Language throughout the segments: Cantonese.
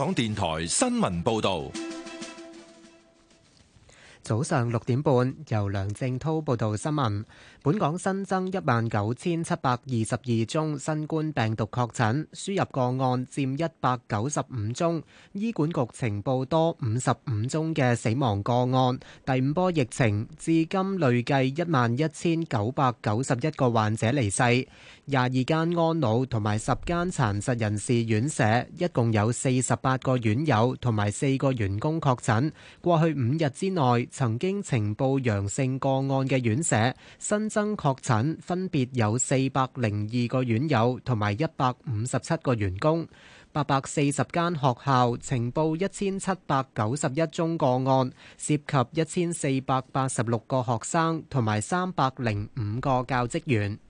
港電台新聞報道，早上六點半，由梁正濤報道新聞。本港新增一萬九千七百二十二宗新冠病毒確診，輸入個案佔一百九十五宗。醫管局情報多五十五宗嘅死亡個案。第五波疫情至今累計一萬一千九百九十一個患者離世。廿二間安老同埋十間殘疾人士院舍，一共有四十八個院友同埋四個員工確診。過去五日之內曾經呈報陽性個案嘅院舍，新增確診分別有四百零二個院友同埋一百五十七個員工。八百四十間學校呈報一千七百九十一宗個案，涉及一千四百八十六個學生同埋三百零五個教職員。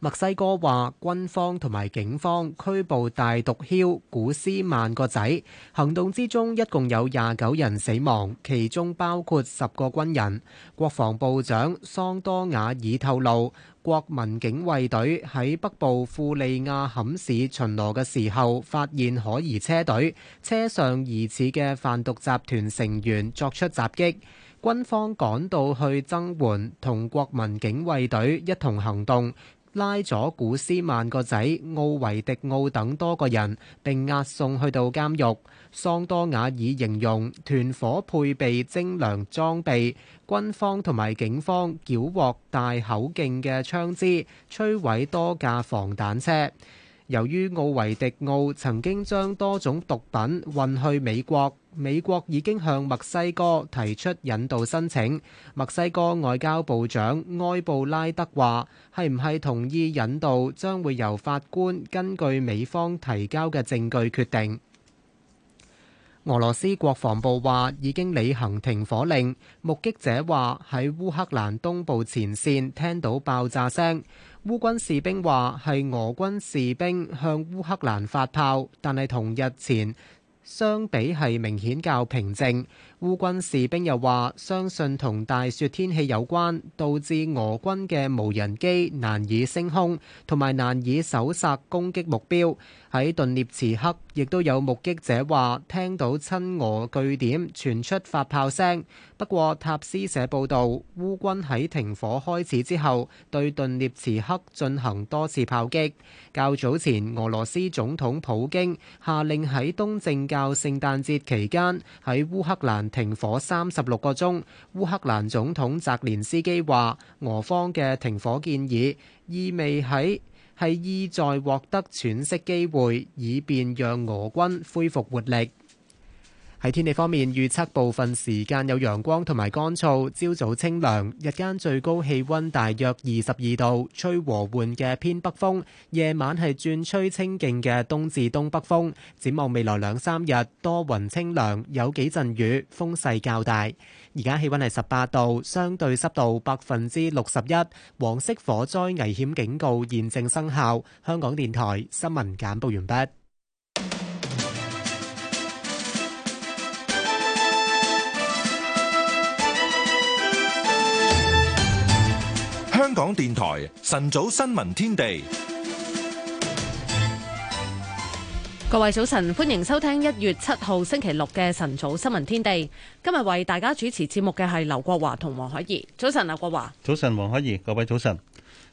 墨西哥話軍方同埋警方拘捕大毒梟古斯曼個仔，行動之中一共有廿九人死亡，其中包括十個軍人。國防部長桑多瓦爾透露，國民警衛隊喺北部庫利亞坎市巡邏嘅時候發現可疑車隊，車上疑似嘅販毒集團成員作出襲擊，軍方趕到去增援，同國民警衛隊一同行動。拉咗古斯曼個仔奧維迪奧等多個人，並押送去到監獄。桑多瓦爾形容團伙配備精良裝備，軍方同埋警方繳獲大口徑嘅槍支，摧毀多架防彈車。由於奧維迪奧曾經將多種毒品運去美國。美國已經向墨西哥提出引渡申請。墨西哥外交部長埃布拉德話，係唔係同意引渡，將會由法官根據美方提交嘅證據決定。俄羅斯國防部話已經履行停火令。目擊者話喺烏克蘭東部前線聽到爆炸聲。烏軍士兵話係俄軍士兵向烏克蘭發炮，但係同日前。相比係明顯較平靜。烏軍士兵又話相信同大雪天氣有關，導致俄軍嘅無人機難以升空，同埋難以搜殺攻擊目標。喺頓涅茨克，亦都有目擊者話聽到親俄據點傳出發炮聲。不過塔斯社報道，烏軍喺停火開始之後，對頓涅茨克進行多次炮擊。較早前，俄羅斯總統普京下令喺東正教聖誕節期間喺烏克蘭，停火三十六個鐘，烏克蘭總統澤連斯基話：俄方嘅停火建議意味喺係意在獲得喘息機會，以便讓俄軍恢復活力。喺天氣方面，預測部分時間有陽光同埋乾燥，朝早清涼，日間最高氣溫大約二十二度，吹和緩嘅偏北風，夜晚係轉吹清勁嘅東至東北風。展望未來兩三日，多雲清涼，有幾陣雨，風勢較大。而家氣溫係十八度，相對濕度百分之六十一，黃色火災危險警告現正生效。香港電台新聞簡報完畢。港電台晨早新聞天地，各位早晨，歡迎收聽一月七號星期六嘅晨早新聞天地。今日為大家主持節目嘅係劉國華同黃海怡。早晨啊，劉國華。早晨，黃海怡。各位早晨。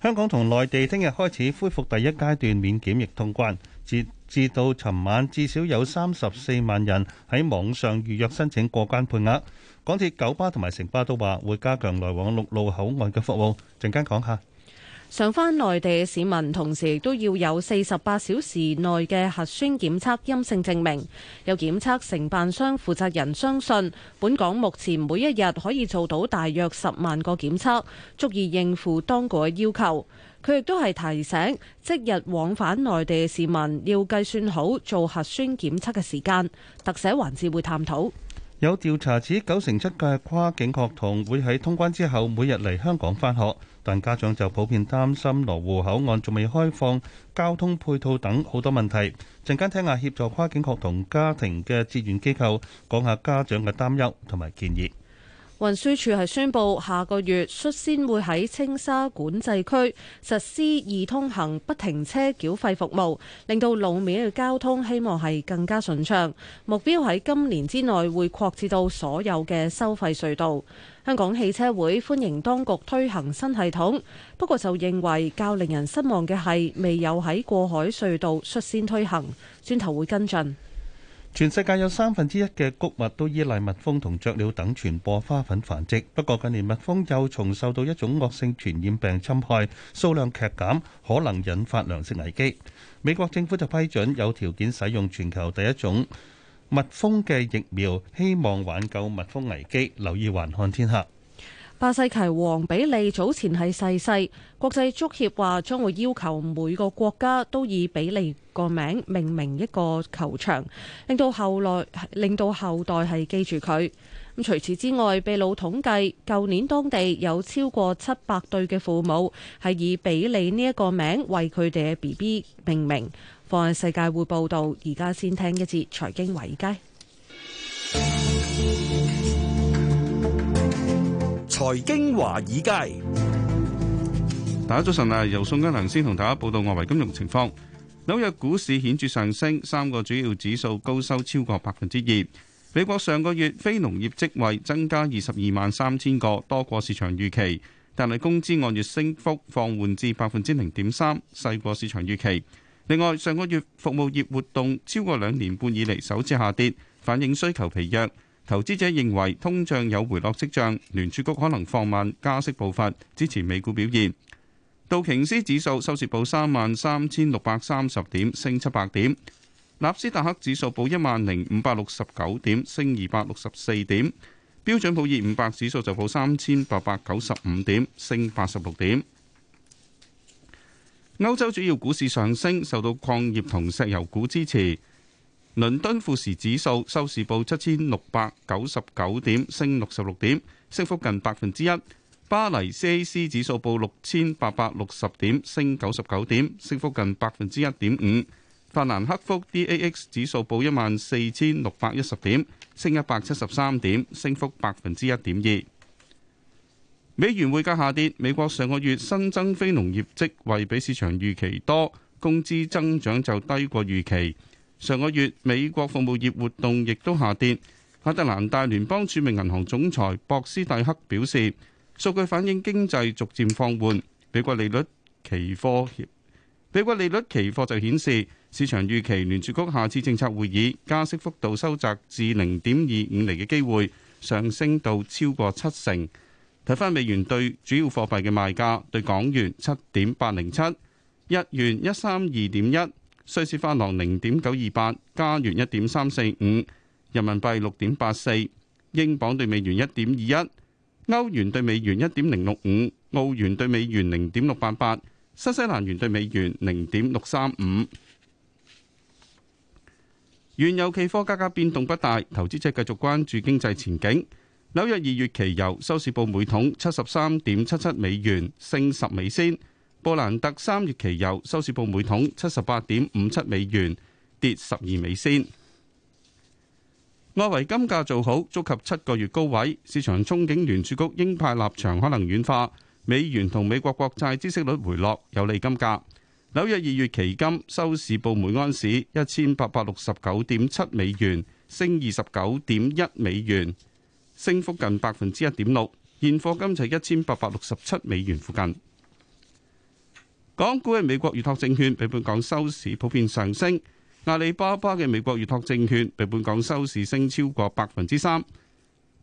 香港同內地聽日開始恢復第一階段免檢疫通關，截至到尋晚至少有三十四萬人喺網上預約申請過關配額。港鐵九巴同埋城巴都話會加強來往陸路口岸嘅服務，陣間講下。上翻內地市民，同時都要有四十八小時內嘅核酸檢測陰性證明。有檢測承辦商負責人相信，本港目前每一日可以做到大約十萬個檢測，足以應付當局嘅要求。佢亦都係提醒，即日往返內地嘅市民要計算好做核酸檢測嘅時間。特寫環節會探討。有調查指九成七嘅跨境學童會喺通關之後每日嚟香港返學，但家長就普遍擔心羅湖口岸仲未開放、交通配套等好多問題。陣間聽下協助跨境學童家庭嘅志願機構講下家長嘅擔憂同埋建議。運輸署係宣布，下個月率先會喺青沙管制區實施易通行不停車繳費服務，令到路面嘅交通希望係更加順暢。目標喺今年之內會擴展到所有嘅收費隧道。香港汽車會歡迎當局推行新系統，不過就認為較令人失望嘅係未有喺過海隧道率先推行，轉頭會跟進。全世界有三分之一嘅穀物都依賴蜜蜂同雀鳥等傳播花粉繁殖。不過近年蜜蜂幼蟲受到一種惡性傳染病侵害，數量劇減，可能引發糧食危機。美國政府就批准有條件使用全球第一種蜜蜂嘅疫苗，希望挽救蜜蜂危機，留意環看天下。巴西奇王比利早前係逝世，國際足協話將會要求每個國家都以比利個名命名一個球場，令到後來令到後代係記住佢。咁除此之外，秘魯統計舊年當地有超過七百對嘅父母係以比利呢一個名為佢哋嘅 B B 命名。《放眼世界》會報道，而家先聽一節財經偉佳。財經華爾街，大家早晨啊！由宋嘉良先同大家報道外圍金融情況。紐約股市顯著上升，三個主要指數高收超過百分之二。美國上個月非農業職位增加二十二萬三千個，多過市場預期，但係工資按月升幅放緩至百分之零點三，細過市場預期。另外，上個月服務業活動超過兩年半以嚟首次下跌，反映需求疲弱。投資者認為通脹有回落跡象，聯儲局可能放慢加息步伐，支持美股表現。道瓊斯指數收市報三萬三千六百三十點，升七百點；納斯達克指數報一萬零五百六十九點，升二百六十四點；標準普爾五百指數就報三千八百九十五點，升八十六點。歐洲主要股市上升，受到礦業同石油股支持。倫敦富時指數收市報七千六百九十九點，升六十六點，升幅近百分之一。巴黎 CAC 指數報六千八百六十點，升九十九點，升幅近百分之一點五。法蘭克福 DAX 指數報一萬四千六百一十點，升一百七十三點，升幅百分之一點二。美元匯價下跌，美國上個月新增非農業職位比市場預期多，工資增長就低過預期。上個月美國服務業活動亦都下跌。亞特蘭大聯邦著名銀行總裁博斯蒂克表示，數據反映經濟逐漸放緩。美國利率期貨，美國利率期貨就顯示市場預期聯儲局下次政策會議加息幅度收窄至零點二五厘嘅機會上升到超過七成。睇翻美元兌主要貨幣嘅賣價，對港元七點八零七，日元一三二點一，瑞士法郎零點九二八，加元一點三四五，人民幣六點八四，英鎊兌美元一點二一，歐元兌美元一點零六五，澳元兌美元零點六八八，新西蘭元兌美元零點六三五。原油期貨價格變動不大，投資者繼續關注經濟前景。紐約二月期油收市報每桶七十三點七七美元，升十美仙。布蘭特三月期油收市報每桶七十八點五七美元，跌十二美仙。外圍金價做好，觸及七個月高位。市場憧憬聯儲局鷹派立場可能軟化，美元同美國國債孳息率回落，有利金價。紐約二月期金收市報每安士一千八百六十九點七美元，升二十九點一美元，升幅近百分之一點六。現貨金就一千八百六十七美元附近。港股嘅美國預託證券比本港收市普遍上升，阿里巴巴嘅美國預託證券比本港收市升超過百分之三，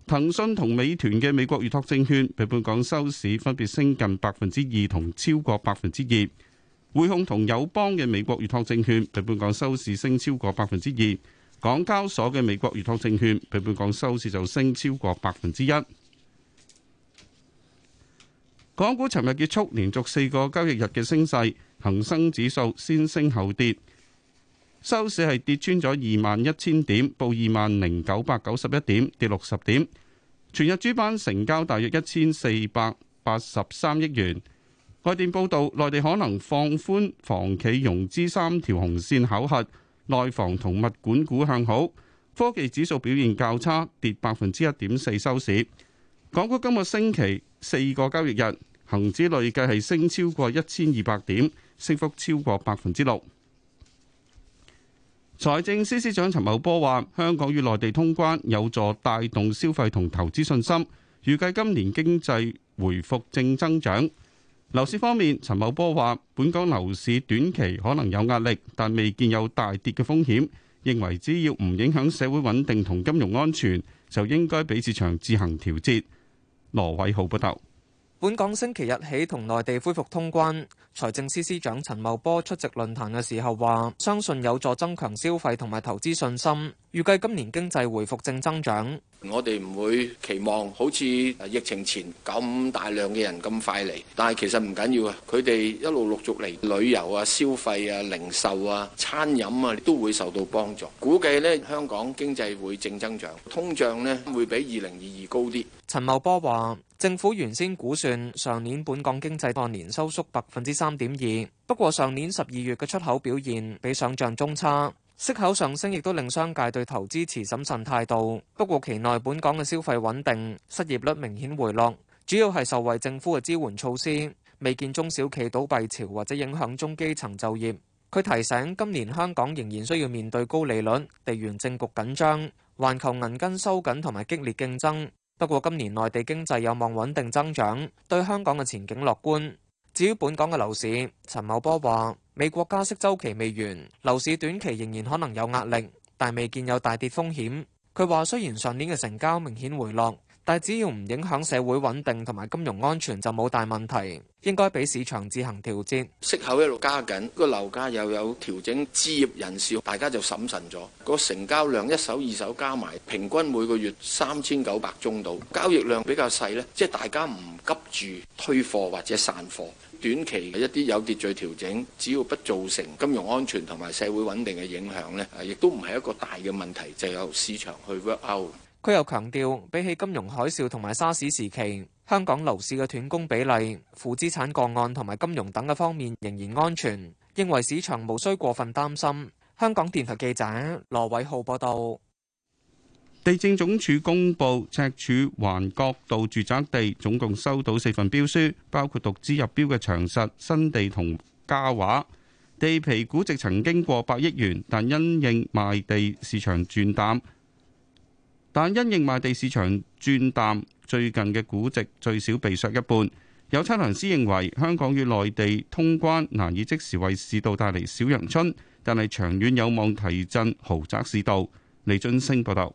騰訊同美團嘅美國預託證券比本港收市分別升近百分之二同超過百分之二，匯控同友邦嘅美國預託證券比本港收市升超過百分之二，港交所嘅美國預託證券比本港收市就升超過百分之一。港股尋日結束連續四個交易日嘅升勢，恒生指數先升後跌，收市係跌穿咗二萬一千點，報二萬零九百九十一點，跌六十點。全日主板成交大約一千四百八十三億元。外電報道，內地可能放寬房企融資三條紅線考核，內房同物管股向好，科技指數表現較差，跌百分之一點四收市。港股今個星期。四個交易日，恒指累計係升超過一千二百點，升幅超過百分之六。財政司司長陳茂波話，香港與內地通關有助帶動消費同投資信心，預計今年經濟回復正增長。樓市方面，陳茂波話，本港樓市短期可能有壓力，但未見有大跌嘅風險，認為只要唔影響社會穩定同金融安全，就應該俾市場自行調節。羅偉豪報道：本港星期日起同內地恢復通關。財政司司長陳茂波出席論壇嘅時候話，相信有助增強消費同埋投資信心，預計今年經濟回復正增長。我哋唔會期望好似疫情前咁大量嘅人咁快嚟，但係其實唔緊要啊！佢哋一路陸續嚟旅遊啊、消費啊、零售啊、餐飲啊，都會受到幫助。估計呢香港經濟會正增長，通脹呢會比二零二二高啲。陳茂波話：政府原先估算上年本港經濟按年收縮百分之三點二，不過上年十二月嘅出口表現比想像中差。息口上升亦都令商界對投資持審慎態度。不過，期內本港嘅消費穩定，失業率明顯回落，主要係受惠政府嘅支援措施，未見中小企倒閉潮或者影響中基層就業。佢提醒，今年香港仍然需要面對高利率、地緣政局緊張、環球銀根收緊同埋激烈競爭。不過，今年內地經濟有望穩定增長，對香港嘅前景樂觀。至於本港嘅樓市，陳茂波話：美國加息周期未完，樓市短期仍然可能有壓力，但未見有大跌風險。佢話：雖然上年嘅成交明顯回落，但只要唔影響社會穩定同埋金融安全就冇大問題，應該俾市場自行調節。息口一路加緊，個樓價又有調整，置業人士，大家就審慎咗。個成交量一手二手加埋，平均每個月三千九百宗度，交易量比較細呢，即係大家唔急住推貨或者散貨。短期嘅一啲有秩序調整，只要不造成金融安全同埋社會穩定嘅影響呢，亦都唔係一個大嘅問題，就由、是、市場去 work out。佢又強調，比起金融海嘯同埋沙士時期，香港樓市嘅斷供比例、負資產個案同埋金融等嘅方面仍然安全，認為市場無需過分擔心。香港電台記者羅偉浩報道。地政總署公布赤柱環角道住宅地總共收到四份標書，包括獨資入標嘅長實、新地同嘉華。地皮估值曾經過百億元，但因應賣地市場轉淡。但因應賣地市場轉淡，最近嘅估值最少被削一半。有測量師認為，香港與內地通關難以即時為市道帶嚟小陽春，但係長遠有望提振豪宅市道。李俊升報道。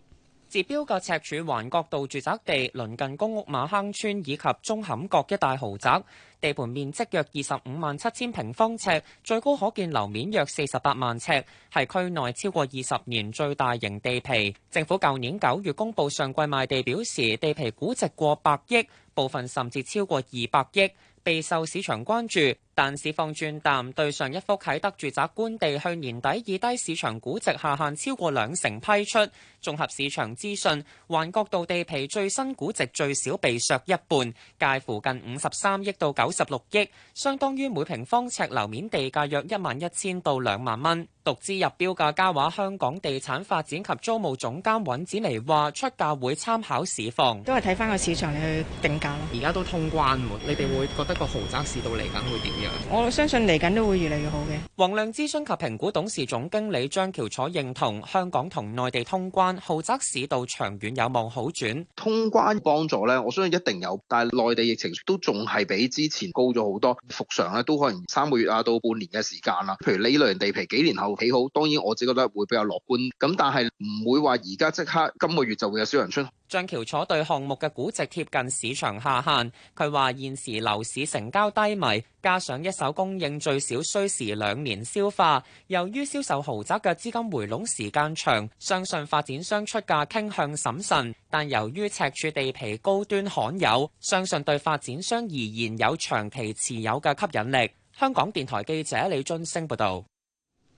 截標個赤柱環角道住宅地，鄰近公屋馬坑村以及中坎角一帶豪宅。地盤面積約二十五萬七千平方尺，最高可建樓面約四十八萬尺，係區內超過二十年最大型地皮。政府舊年九月公佈上季賣地表示，地皮估值過百億，部分甚至超過二百億，備受市場關注。但市況轉淡，對上一幅啟德住宅官地，去年底以低市場估值下限超過兩成批出。綜合市場資訊，環角道地皮最新估值最少被削一半，介乎近五十三億到九十六億，相當於每平方尺樓面地價約一萬一千到兩萬蚊。獨資入標嘅嘉華香港地產發展及租務總監尹子尼話：出價會參考市況，都係睇翻個市場你去定價咯。而家都通關，你哋會覺得個豪宅市道嚟緊會點樣？我相信嚟緊都會越嚟越好嘅。黃亮諮詢及評估董事總經理張橋楚認同香港同內地通關，豪宅市道長遠有望好轉。通關幫助呢，我相信一定有，但係內地疫情都仲係比之前高咗好多，復常咧都可能三個月啊到半年嘅時間啦。譬如你類地皮幾年後起好，當然我自己覺得會比較樂觀。咁但係唔會話而家即刻今個月就會有小人出。張橋楚對項目嘅估值貼近市場下限。佢話：現時樓市成交低迷，加上一手供應最少需時兩年消化。由於銷售豪宅嘅資金回籠時間長，相信發展商出價傾向審慎。但由於赤柱地皮高端罕有，相信對發展商而言有長期持有嘅吸引力。香港電台記者李俊升報導。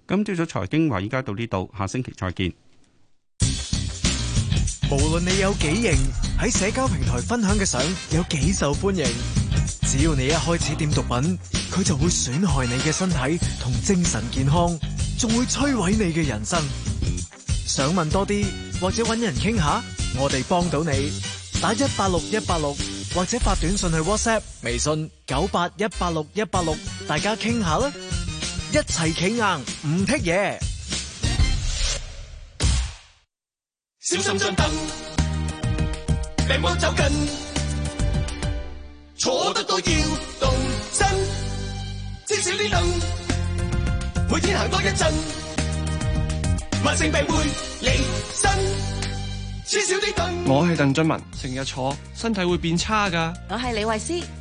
今朝早財經話，依家到呢度，下星期再見。無論你有幾型，喺社交平台分享嘅相有幾受歡迎，只要你一開始點毒品，佢就會損害你嘅身體同精神健康，仲會摧毀你嘅人生。想問多啲或者搵人傾下，我哋幫到你，打一八六一八六或者發短信去 WhatsApp、微信九八一八六一八六，6, 大家傾下啦，一齊企硬唔剔嘢。小心張凳，病魔走近，坐得多要動身，痴少啲凳，每天行多一陣，慢性病會離身，痴少啲凳。我係鄧俊文，成日坐，身體會變差㗎。我係李慧詩。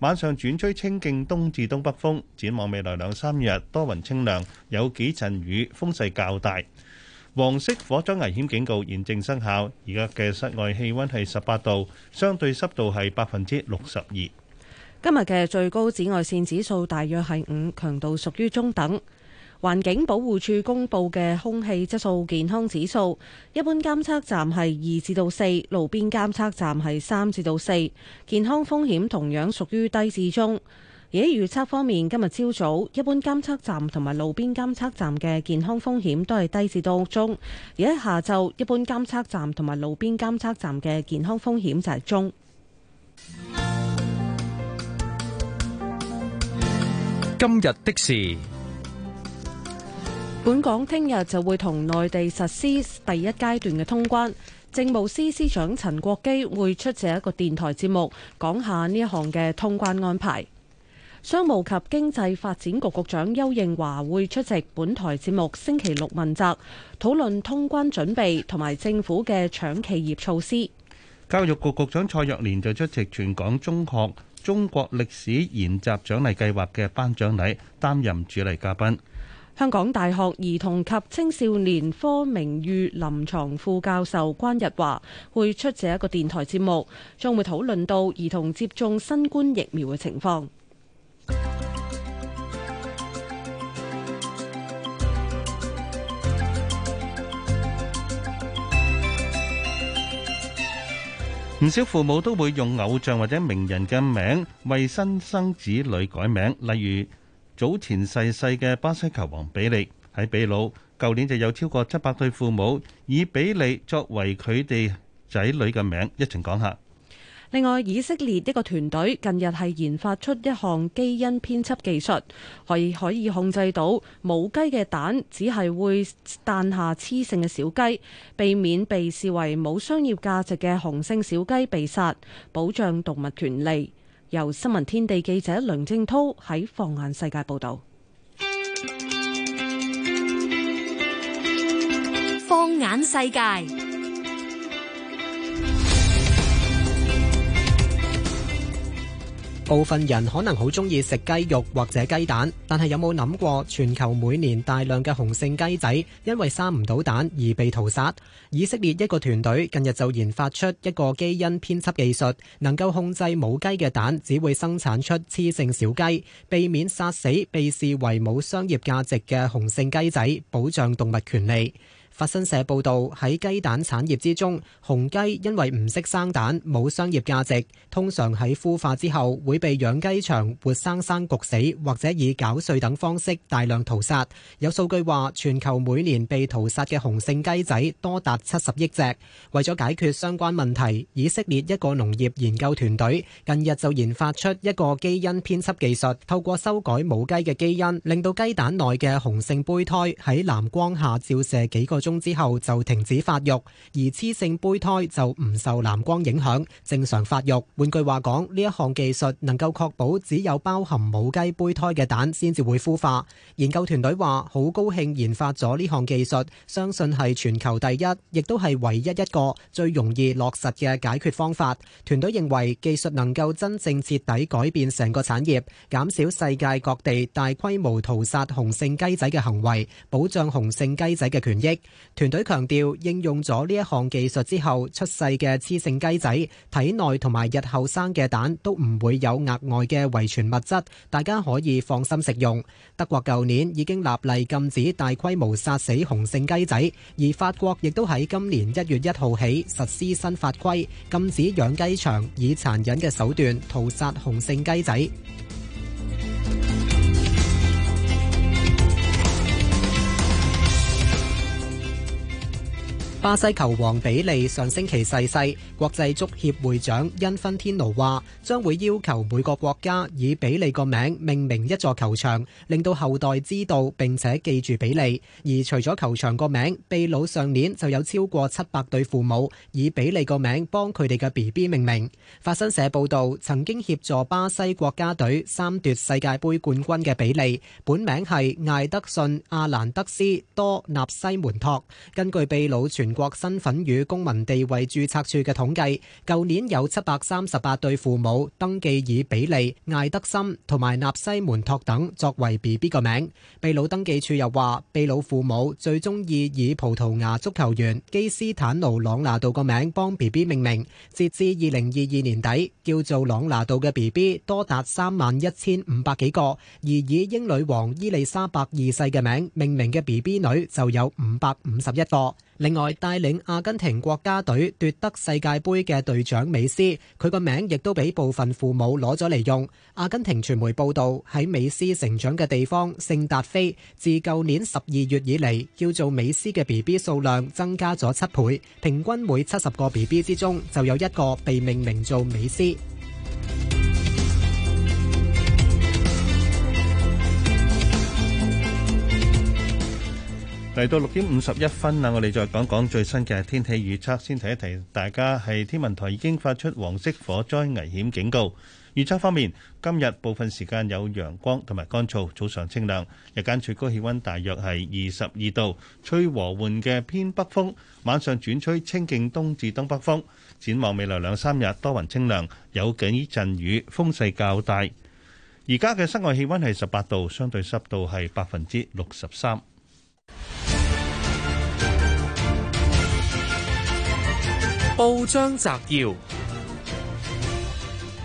晚上轉吹清勁東至東北風，展望未來兩三日多雲清涼，有幾陣雨，風勢較大。黃色火災危險警告現正生效。而家嘅室外氣温係十八度，相對濕度係百分之六十二。今日嘅最高紫外線指數大約係五，強度屬於中等。環境保護署公布嘅空氣質素健康指數，一般監測站係二至到四，路邊監測站係三至到四，健康風險同樣屬於低至中。而喺預測方面，今日朝早一般監測站同埋路邊監測站嘅健康風險都係低至到中，而喺下晝一般監測站同埋路邊監測站嘅健康風險就係中。今日的事。本港聽日就會同內地實施第一階段嘅通關，政務司司長陳國基會出席一個電台節目講下呢一項嘅通關安排。商務及經濟發展局局長邱應華會出席本台節目星期六問責，討論通關準備同埋政府嘅搶企業措施。教育局局長蔡若蓮就出席全港中學中國歷史研習獎勵計劃嘅頒獎禮，擔任主禮嘉賓。香港大學兒童及青少年科名譽臨床副教授關日華會出席一個電台節目，將會討論到兒童接種新冠疫苗嘅情況。唔少父母都會用偶像或者名人嘅名為新生子女改名，例如。早前逝世嘅巴西球王比利喺秘魯，舊年就有超過七百對父母以比利作為佢哋仔女嘅名一齊講下。另外，以色列一個團隊近日係研發出一項基因編輯技術，係可、可以控制到母雞嘅蛋只係會誕下雌性嘅小雞，避免被視為冇商業價值嘅雄性小雞被殺，保障動物權利。由新聞天地記者梁正濤喺放眼世界報道。放眼世界。部分人可能好中意食雞肉或者雞蛋，但係有冇諗過全球每年大量嘅雄性雞仔因為生唔到蛋而被屠殺？以色列一個團隊近日就研發出一個基因編輯技術，能夠控制母雞嘅蛋只會生產出雌性小雞，避免殺死被視為冇商業價值嘅雄性雞仔，保障動物權利。法新社報導，喺雞蛋產業之中，雄雞因為唔識生蛋，冇商業價值，通常喺孵化之後會被養雞場活生生焗死，或者以攪碎等方式大量屠殺。有數據話，全球每年被屠殺嘅雄性雞仔多達七十億隻。為咗解決相關問題，以色列一個農業研究團隊近日就研發出一個基因編輯技術，透過修改母雞嘅基因，令到雞蛋內嘅雄性胚胎喺藍光下照射幾個中之後就停止發育，而雌性胚胎就唔受藍光影響，正常發育。換句話講，呢一項技術能夠確保只有包含母雞胚胎嘅蛋先至會孵化。研究團隊話：好高興研發咗呢項技術，相信係全球第一，亦都係唯一一個最容易落實嘅解決方法。團隊認為技術能夠真正徹底改變成個產業，減少世界各地大規模屠殺雄性雞仔嘅行為，保障雄性雞仔嘅權益。團隊強調，應用咗呢一項技術之後，出世嘅雌性雞仔體內同埋日後生嘅蛋都唔會有額外嘅遺傳物質，大家可以放心食用。德國舊年已經立例禁止大規模殺死雄性雞仔，而法國亦都喺今年一月一號起實施新法規，禁止養雞場以殘忍嘅手段屠殺雄性雞仔。巴西球王比利上星期逝世，國際足協會長因芬天奴話，將會要求每個國家以比利個名命名一座球場，令到後代知道並且記住比利。而除咗球場個名，秘魯上年就有超過七百對父母以比利個名幫佢哋嘅 B B 命名。法新社報道，曾經協助巴西國家隊三奪世界盃冠軍嘅比利，本名係艾德遜阿蘭德斯多納西門托。根據秘魯全國身份與公民地位注冊處嘅統計，舊年有七百三十八對父母登記以比利、艾德森、同埋納西門托等作為 B B 個名。秘魯登記處又話，秘魯父母最中意以葡萄牙足球員基斯坦奴朗拿度個名幫 B B 命名。截至二零二二年底，叫做朗拿度嘅 B B 多達三萬一千五百幾個，而以英女王伊麗莎白二世嘅名命名嘅 B B 女就有五百五十一個。另外，帶領阿根廷國家隊奪得世界盃嘅隊長美斯，佢個名亦都畀部分父母攞咗嚟用。阿根廷傳媒報導，喺美斯成長嘅地方聖達菲，自舊年十二月以嚟，叫做美斯嘅 BB 數量增加咗七倍，平均每七十個 BB 之中就有一個被命名做美斯。嚟到六點五十一分啦，我哋再講講最新嘅天氣預測。先提一提，大家係天文台已經發出黃色火災危險警告。預測方面，今日部分時間有陽光同埋乾燥，早上清涼，日間最高氣温大約係二十二度，吹和緩嘅偏北風，晚上轉吹清勁東至東北風。展望未來兩三日，多雲清涼，有幾陣雨，風勢較大。而家嘅室外氣溫係十八度，相對濕度係百分之六十三。報章摘要：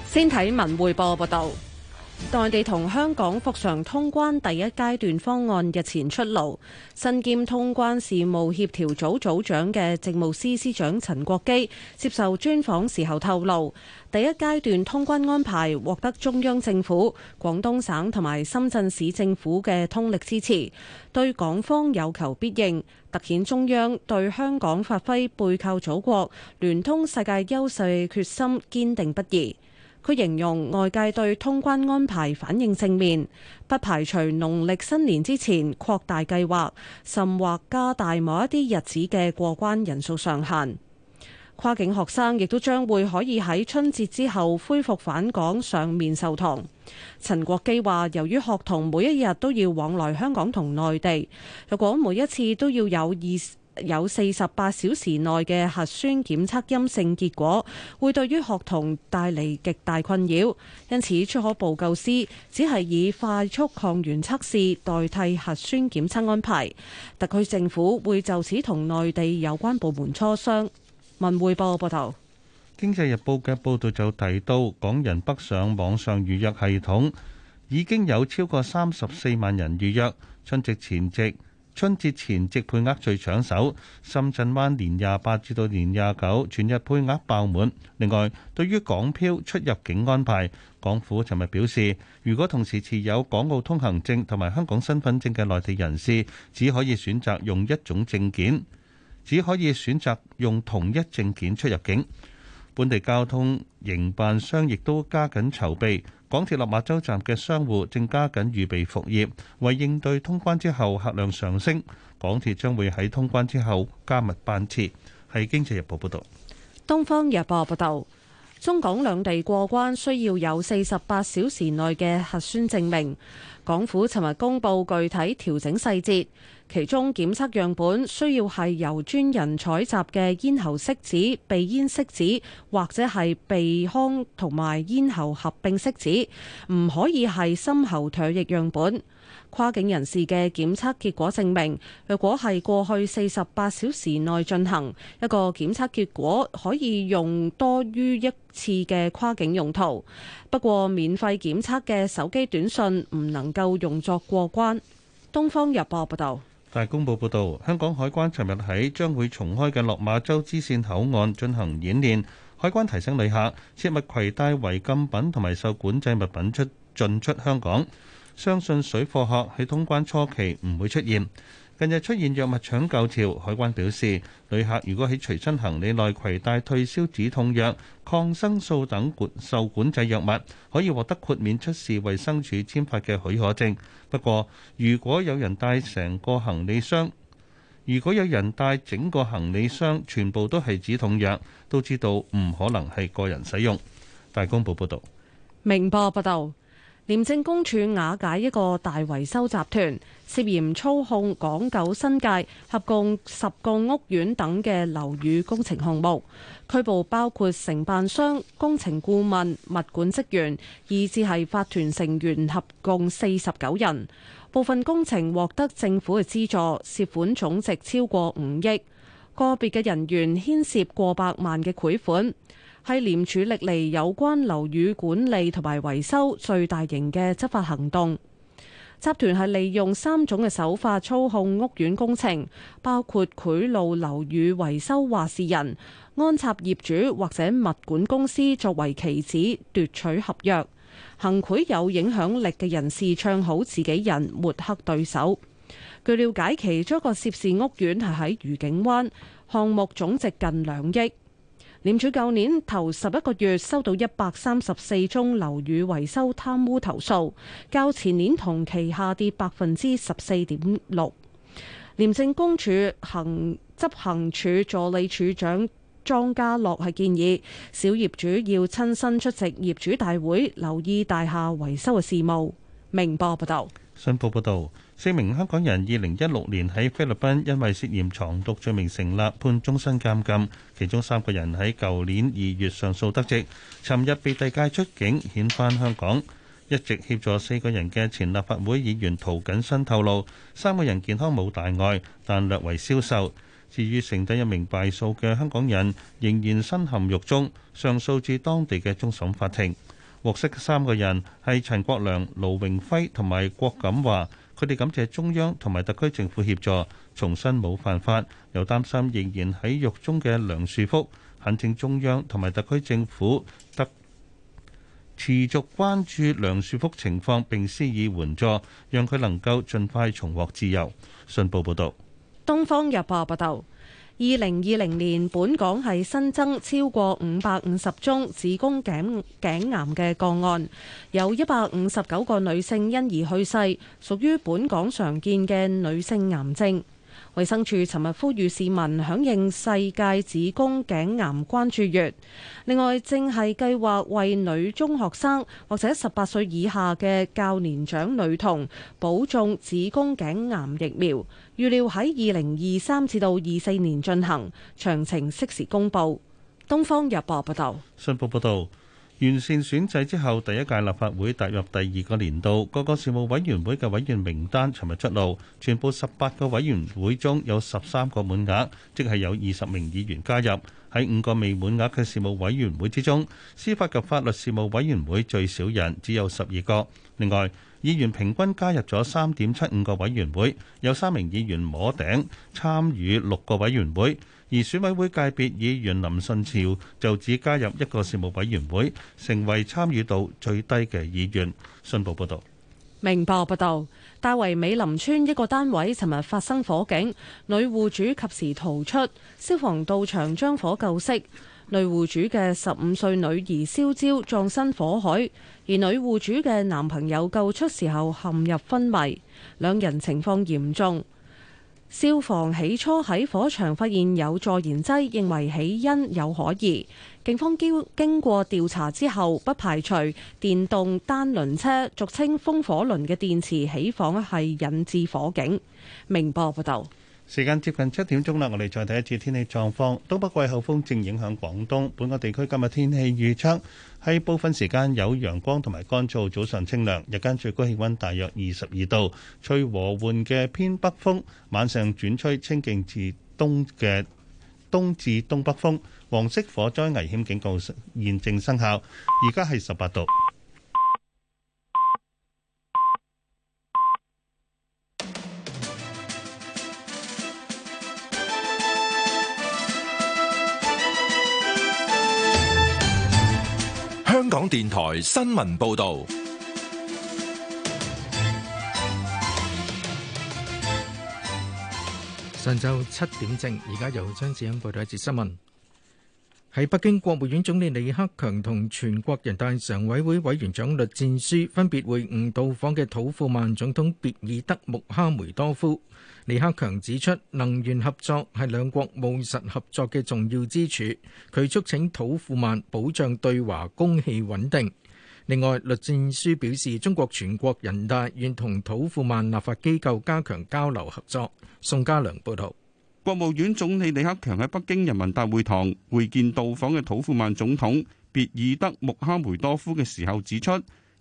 先睇文匯報報道。內地同香港復常通關第一階段方案日前出爐，身兼通關事務協調組組組長嘅政務司司長陳國基接受專訪時候透露，第一階段通關安排獲得中央政府、廣東省同埋深圳市政府嘅通力支持，對港方有求必應，凸顯中央對香港發揮背靠祖國、聯通世界優勢決心堅定不移。佢形容外界對通關安排反應正面，不排除農曆新年之前擴大計劃，甚或加大某一啲日子嘅過關人數上限。跨境學生亦都將會可以喺春節之後恢復返港上面授堂。陳國基話，由於學童每一日都要往來香港同內地，若果每一次都要有二。有四十八小時內嘅核酸檢測陰性結果，會對於學童帶嚟極大困擾，因此初步構思只係以快速抗原測試代替核酸檢測安排。特區政府會就此同內地有關部門磋商。文匯報報道，《經濟日報》嘅報導就提到，港人北上網上預約系統已經有超過三十四萬人預約，春節前夕。春節前夕配額最搶手，深圳灣年廿八至到年廿九全日配額爆滿。另外，對於港漂出入境安排，港府尋日表示，如果同時持有港澳通行證同埋香港身份證嘅內地人士，只可以選擇用一種證件，只可以選擇用同一證件出入境。本地交通營辦商亦都加緊籌備。港鐵落馬洲站嘅商戶正加緊預備復業，為應對通關之後客量上升。港鐵將會喺通關之後加密班次。係《經濟日報》報道，《東方日報》報道，中港兩地過關需要有四十八小時內嘅核酸證明。港府尋日公布具體調整細節。其中檢測樣本需要係由專人採集嘅咽喉拭子、鼻咽拭子或者係鼻腔同埋咽喉合併拭子，唔可以係深喉唾液樣本。跨境人士嘅檢測結果證明，如果係過去四十八小時內進行一個檢測結果，可以用多於一次嘅跨境用途。不過，免費檢測嘅手機短信唔能夠用作過關。《東方日報》報道。大公報報導，香港海關尋日喺將會重開嘅落馬洲支線口岸進行演練。海關提醒旅客切勿攜帶違禁品同埋受管制物品出進出香港。相信水貨客喺通關初期唔會出現。近日出現藥物搶購潮，海關表示，旅客如果喺隨身行李內攜帶退燒止痛藥、抗生素等受管制藥物，可以獲得豁免出示衛生署簽發嘅許可證。不過，如果有人帶成個行李箱，如果有人帶整個行李箱全部都係止痛藥，都知道唔可能係個人使用。大公報報導。明報報導，廉政公署瓦解一個大維修集團。涉嫌操控港九新界，合共十個屋苑等嘅樓宇工程項目。拘捕包括承辦商、工程顧問、物管職員，以至係法團成員合共四十九人。部分工程獲得政府嘅資助，涉款總值超過五億。個別嘅人員牽涉過百萬嘅賄款，係廉署歷嚟有關樓宇管理同埋維修最大型嘅執法行動。集團係利用三種嘅手法操控屋苑工程，包括賄賂樓宇維修話事人、安插業主或者物管公司作為棋子奪取合約，行賄有影響力嘅人士唱好自己人，抹黑對手。據了解，其中一個涉事屋苑係喺愉景灣，項目總值近兩億。廉署舊年頭十一個月收到一百三十四宗樓宇維修貪污投訴，較前年同期下跌百分之十四點六。廉政公署行執行處助理處長莊家樂係建議，小業主要親身出席業主大會，留意大廈維修嘅事務。明報報道，信報報道。四名香港人，二零一六年喺菲律賓因為涉嫌藏毒罪名成立，判終身監禁。其中三個人喺舊年二月上訴得直，尋日被遞解出境，遣返香港。一直協助四個人嘅前立法會議員涂謹申透露，三個人健康冇大礙，但略為消瘦。至於剩低一名敗訴嘅香港人，仍然身陷獄中，上訴至當地嘅終審法庭。獲釋嘅三個人係陳國良、盧榮輝同埋郭錦華。佢哋感謝中央同埋特區政府協助，重申冇犯法，又擔心仍然喺獄中嘅梁樹福，懇請中央同埋特區政府得持續關注梁樹福情況並施以援助，讓佢能夠盡快重獲自由。信報報道：東方日報報道。二零二零年，本港係新增超過五百五十宗子宮頸頸癌嘅個案，有一百五十九個女性因而去世，屬於本港常見嘅女性癌症。衛生署尋日呼籲市民響應世界子宮頸癌關注月，另外正係計劃為女中學生或者十八歲以下嘅較年長女童保種子宮頸癌疫苗，預料喺二零二三至到二四年進行，詳情適時公布。東方日報報道，信報報道。完善選制之後，第一屆立法會踏入第二個年度，各個事務委員會嘅委員名單尋日出爐。全部十八個委員會中有十三個滿額，即係有二十名議員加入。喺五個未滿額嘅事務委員會之中，司法及法律事務委員會最少人，只有十二個。另外，議員平均加入咗三點七五個委員會，有三名議員摸頂參與六個委員會。而選委會界別議員林順潮就只加入一個事務委員會，成為參與度最低嘅議員。信報報道。明「明報報道，大圍美林村一個單位尋日發生火警，女戶主及時逃出，消防到場將火救熄。女戶主嘅十五歲女兒燒焦，葬身火海。而女戶主嘅男朋友救出時候陷入昏迷，兩人情況嚴重。消防起初喺火場發現有助燃劑，認為起因有可疑。警方經經過調查之後，不排除電動單輪車（俗稱風火輪）嘅電池起火係引致火警。明報報道。時間接近七點鐘啦，我哋再睇一次天氣狀況。東北季候風正影響廣東，本港地區今日天氣預測喺部分時間有陽光同埋乾燥，早上清涼，日間最高氣溫大約二十二度，吹和緩嘅偏北風，晚上轉吹清勁至東嘅東至東北風。黃色火災危險警告現正生效，而家係十八度。香港電台新聞報道。上晝七點正，而家由張子欣報道一節新聞。喺北京，國務院總理李克強同全國人大常委會委員長栗戰書分別會晤到訪嘅土庫曼總統別爾德穆哈梅多夫。李克強指出，能源合作係兩國務實合作嘅重要支柱，佢促請土庫曼保障對華供氣穩定。另外，栗戰書表示，中國全國人大願同土庫曼立法機構加強交流合作。宋家良報導。國務院總理李克強喺北京人民大會堂會見到訪嘅土庫曼總統別爾德·穆哈梅多夫嘅時候指出，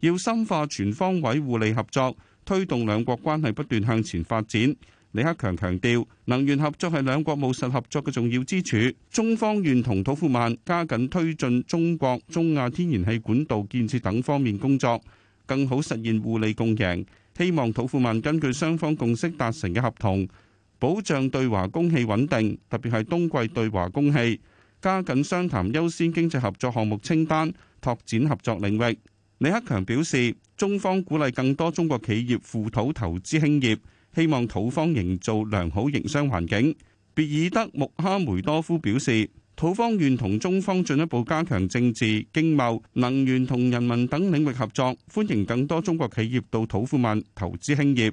要深化全方位互利合作，推動兩國關係不斷向前發展。李克強強調，能源合作係兩國務實合作嘅重要支柱。中方願同土庫曼加緊推進中國、中亞天然氣管道建設等方面工作，更好實現互利共贏。希望土庫曼根據雙方共識達成嘅合同。保障對華供氣穩定，特別係冬季對華供氣，加緊商談優先經濟合作項目清單，拓展合作領域。李克強表示，中方鼓勵更多中國企業赴土投資興業，希望土方營造良好營商環境。別爾德穆哈梅多夫表示，土方願同中方進一步加強政治、經貿、能源同人民等領域合作，歡迎更多中國企業到土庫曼投資興業。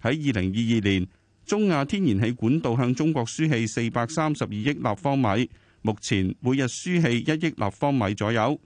喺二零二二年，中亞天然氣管道向中國輸氣四百三十二億立方米，目前每日輸氣一億立方米左右。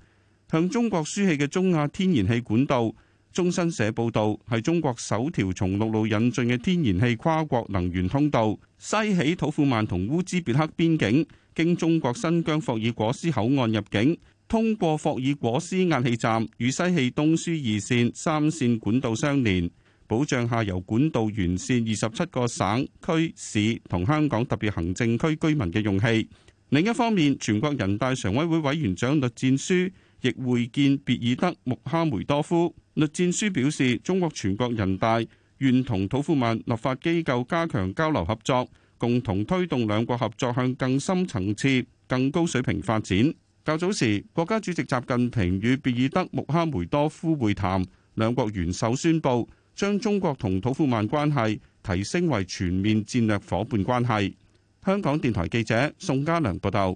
向中國輸氣嘅中亞天然氣管道，中新社報道，係中國首條從陸路引進嘅天然氣跨國能源通道，西起土庫曼同烏茲別克邊境，經中國新疆霍爾果斯口岸入境，通過霍爾果斯壓氣站與西氣東輸二線、三線管道相連。保障下游管道沿線二十七個省區市同香港特別行政區居民嘅用氣。另一方面，全國人大常委會委員長栗戰書亦會見別爾德穆哈梅多夫。栗戰書表示，中國全國人大願同土庫曼立法機構加強交流合作，共同推動兩國合作向更深層次、更高水平發展。較早時，國家主席習近平與別爾德穆哈梅多夫會談，兩國元首宣布。將中國同土庫曼關係提升為全面戰略伙伴關係。香港電台記者宋家良報道。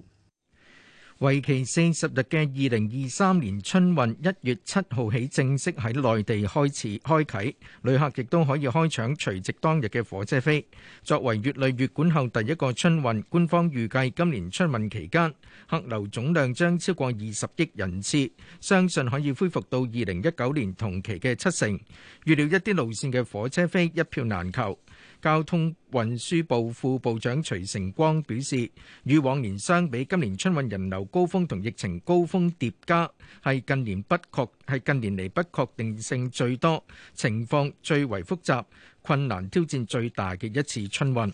為期四十日嘅二零二三年春運一月七號起正式喺內地開始開啟，旅客亦都可以開搶除夕當日嘅火車飛。作為乙類乙管後第一個春運，官方預計今年春運期間客流總量將超過二十億人次，相信可以恢復到二零一九年同期嘅七成。預料一啲路線嘅火車飛一票難求。交通運輸部副部長徐成光表示，與往年相比，今年春運人流高峰同疫情高峰疊加，係近年不確係近年嚟不確定性最多、情況最為複雜、困難挑戰最大嘅一次春運。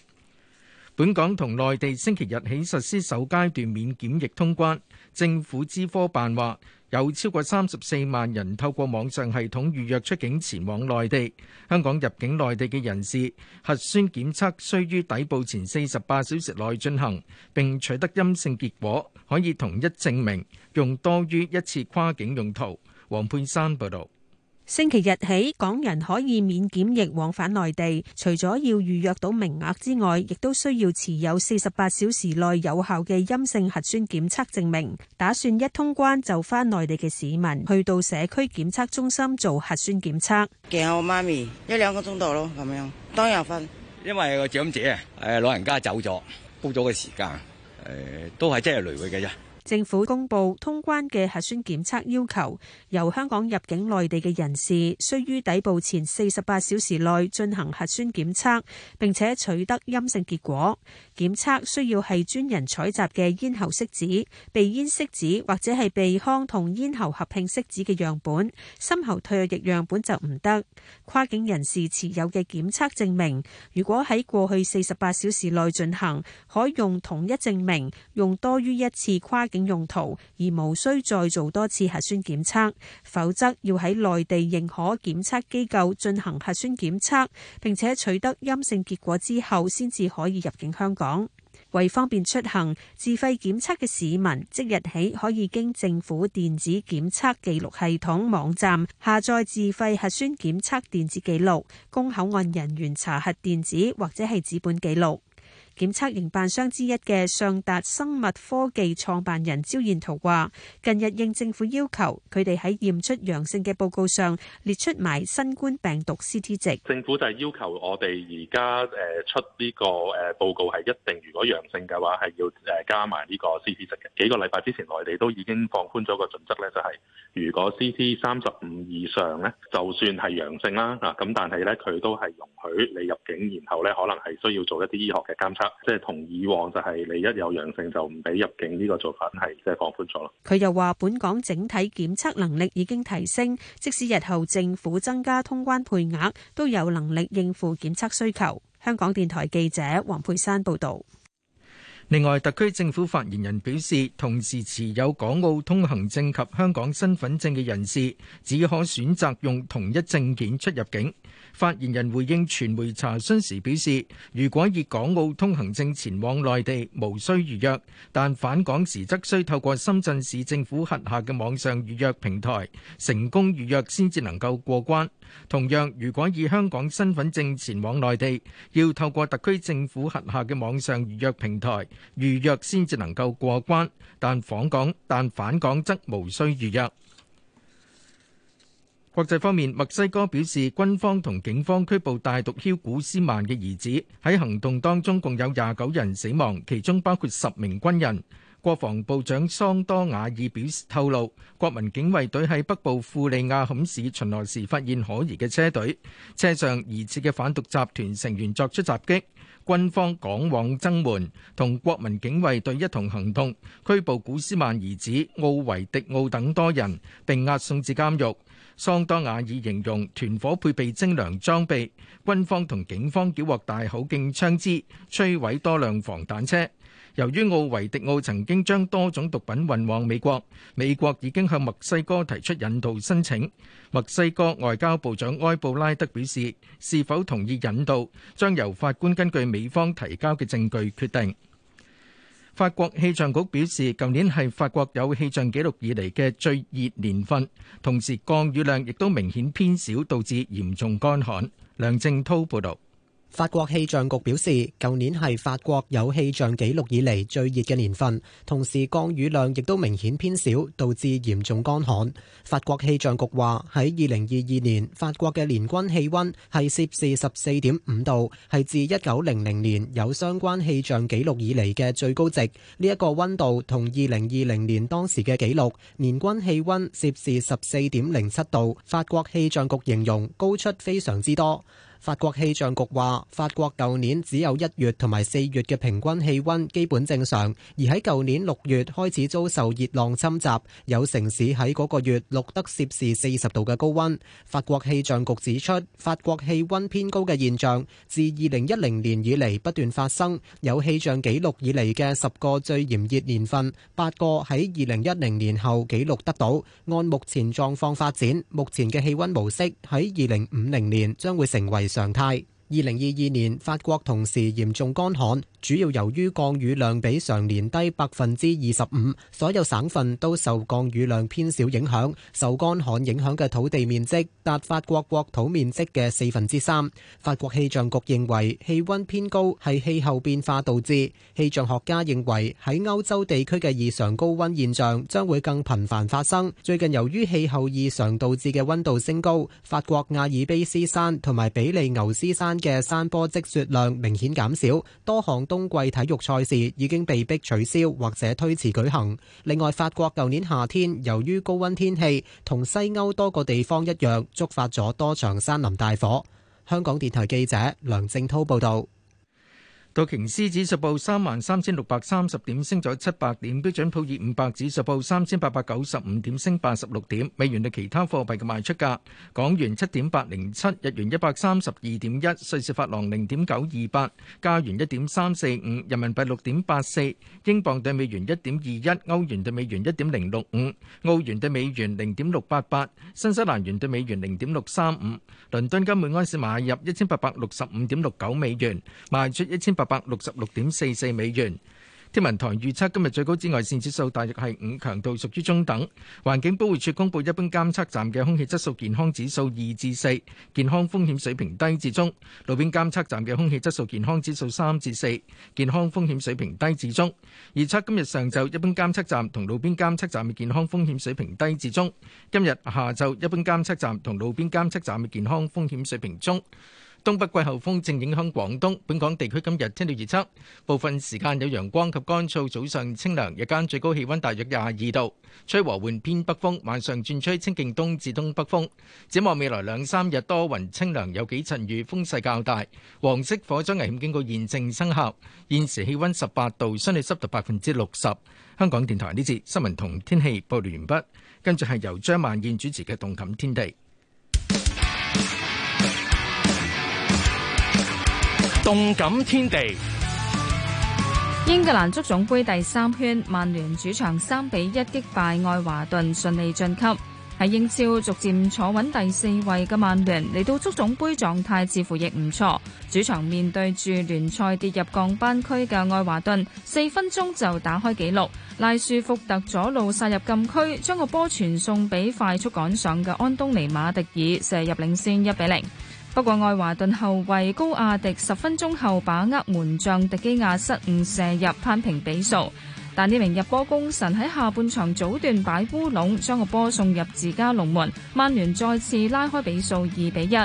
本港同內地星期日起實施首階段免檢疫通關，政府資科辦話，有超過三十四萬人透過網上系統預約出境前往內地。香港入境內地嘅人士核酸檢測須於抵埗前四十八小時內進行，並取得陰性結果，可以同一證明用多於一次跨境用途。黃佩珊報導。星期日起，港人可以免檢疫往返，返內地，除咗要預約到名額之外，亦都需要持有四十八小時內有效嘅陰性核酸檢測證明。打算一通關就返內地嘅市民，去到社區檢測中心做核酸檢測。叫我媽咪，一兩個鐘頭咯，咁樣當日瞓。因為個長者誒，老人家走咗，煲咗嘅時間，誒、呃，都係真係累佢嘅啫。政府公布通關嘅核酸檢測要求，由香港入境內地嘅人士，需於抵埗前四十八小時內進行核酸檢測，並且取得陰性結果。檢測需要係專人採集嘅咽喉拭子、鼻咽拭子或者係鼻腔同咽喉合併拭子嘅樣本，深喉唾液樣本就唔得。跨境人士持有嘅檢測證明，如果喺過去四十八小時內進行，可用同一證明用多於一次跨境。警用途而無需再做多次核酸檢測，否則要喺內地認可檢測機構進行核酸檢測，並且取得陰性結果之後，先至可以入境香港。為方便出行，自費檢測嘅市民即日起可以經政府電子檢測記錄系統網站下載自費核酸檢測電子記錄，供口岸人員查核電子或者係紙本記錄。檢測營辦商之一嘅上達生物科技創辦人招彥圖話：近日應政府要求，佢哋喺驗出陽性嘅報告上列出埋新冠病毒 C T 值。政府就係要求我哋而家誒出呢個誒報告係一定，如果陽性嘅話係要誒加埋呢個 C T 值嘅。幾個禮拜之前內地都已經放寬咗個準則咧，就係如果 C T 三十五以上咧，就算係陽性啦吓，咁但係咧佢都係容許你入境，然後咧可能係需要做一啲醫學嘅監測。即係同以往就係你一有陽性就唔俾入境呢個做法係即係放寬咗咯。佢又話：本港整體檢測能力已經提升，即使日後政府增加通關配額，都有能力應付檢測需求。香港電台記者黃佩珊報導。另外，特區政府發言人表示，同時持有港澳通行證及香港身份證嘅人士，只可選擇用同一證件出入境。發言人回應傳媒查詢時表示，如果以港澳通行證前往內地，無需預約，但返港時則需透過深圳市政府轄下嘅網上預約平台成功預約先至能夠過關。同樣，如果以香港身份證前往內地，要透過特區政府轄下嘅網上預約平台預約先至能夠過關，但返港但返港則無需預約。國際方面，墨西哥表示，軍方同警方拘捕大毒梟古斯曼嘅兒子。喺行動當中，共有廿九人死亡，其中包括十名軍人。國防部長桑多瓦爾表示透露，國民警衛隊喺北部庫利亞坎市巡邏時發現可疑嘅車隊，車上疑似嘅反毒集團成員作出襲擊，軍方趕往增援，同國民警衛隊一同行動，拘捕古斯曼兒子奧維迪奧等多人，並押送至監獄。桑多瓦爾形容團伙配備精良裝備，軍方同警方繳獲大口徑槍支，摧毀多輛防彈車。由於奧維迪奧曾經將多種毒品運往美國，美國已經向墨西哥提出引渡申請。墨西哥外交部長埃布拉德表示，是否同意引渡將由法官根據美方提交嘅證據決定。法國氣象局表示，近年係法國有氣象記錄以嚟嘅最熱年份，同時降雨量亦都明顯偏少，導致嚴重乾旱。梁正滔報導。法國氣象局表示，舊年係法國有氣象記錄以嚟最熱嘅年份，同時降雨量亦都明顯偏少，導致嚴重乾旱。法國氣象局話，喺二零二二年，法國嘅年均氣温係攝氏十四點五度，係自一九零零年有相關氣象記錄以嚟嘅最高值。呢一個温度同二零二零年當時嘅記錄年均氣温攝氏十四點零七度，法國氣象局形容高出非常之多。法國氣象局話，法國舊年只有一月同埋四月嘅平均氣温基本正常，而喺舊年六月開始遭受熱浪侵襲，有城市喺嗰個月錄得攝氏四十度嘅高温。法國氣象局指出，法國氣温偏高嘅現象自二零一零年以嚟不斷發生，有氣象紀錄以嚟嘅十個最炎熱年份，八個喺二零一零年後紀錄得到。按目前狀況發展，目前嘅氣温模式喺二零五零年將會成為。常態。二零二二年，法國同時嚴重乾旱。主要由於降雨量比常年低百分之二十五，所有省份都受降雨量偏少影響。受乾旱影響嘅土地面積達法國國土面積嘅四分之三。法國氣象局認為氣温偏高係氣候變化導致。氣象學家認為喺歐洲地區嘅異常高温現象將會更頻繁發生。最近由於氣候異常導致嘅溫度升高，法國亞爾卑斯山同埋比利牛斯山嘅山坡積雪量明顯減少，多項冬季體育賽事已經被迫取消，或者推遲舉行。另外，法國舊年夏天由於高溫天氣，同西歐多個地方一樣，觸發咗多場山林大火。香港電台記者梁正滔報道。道瓊斯指數報三萬三千六百三十點，升咗七百點；標準普爾五百指數報三千八百九十五點，升八十六點。美元對其他貨幣嘅賣出價：港元七點八零七，日元一百三十二點一，瑞士法郎零點九二八，加元一點三四五，人民幣六點八四，英鎊對美元一點二一，歐元對美元一點零六五，澳元對美元零點六八八，新西蘭元對美元零點六三五。倫敦金每安士買入一千八百六十五點六九美元，賣出一千。八百六十六點四四美元。天文台預測今日最高紫外線指數大約係五，強度屬於中等。環境保護署公布一般監測站嘅空氣質素健康指數二至四，健康風險水平低至中；路邊監測站嘅空氣質素健康指數三至四，健康風險水平低至中。預測今日上晝一般監測站同路邊監測站嘅健康風險水平低至中；今日下晝一般監測站同路邊監測站嘅健康風險水平中。東北季候風正影響廣東，本港地區今日天氣預測部分時間有陽光及乾燥，早上清涼，日間最高氣温大約廿二度，吹和緩偏北風，晚上轉吹清勁東至東北風。展望未來兩三日多雲清涼，有幾陣雨，風勢較大。黃色火災危險警告現正生效。現時氣温十八度，相對濕度百分之六十。香港電台呢節新聞同天氣報道完畢，跟住係由張曼燕主持嘅《動感天地》。動感天地。英格蘭足總杯第三圈，曼聯主場三比一擊敗愛華頓，順利晉級。喺英超逐漸坐穩第四位嘅曼聯，嚟到足總杯狀態，似乎亦唔錯。主場面對住聯賽跌入降班區嘅愛華頓，四分鐘就打開紀錄，賴樹福特左路殺入禁區，將個波傳送俾快速趕上嘅安東尼馬迪爾，射入領先一比零。不過，愛華頓後衛高亞迪十分鐘後把握門將迪基亞失誤射入，扳平比數。但呢名入波功臣喺下半場早段擺烏龍，將個波送入自家龍門，曼聯再次拉開比數二比一。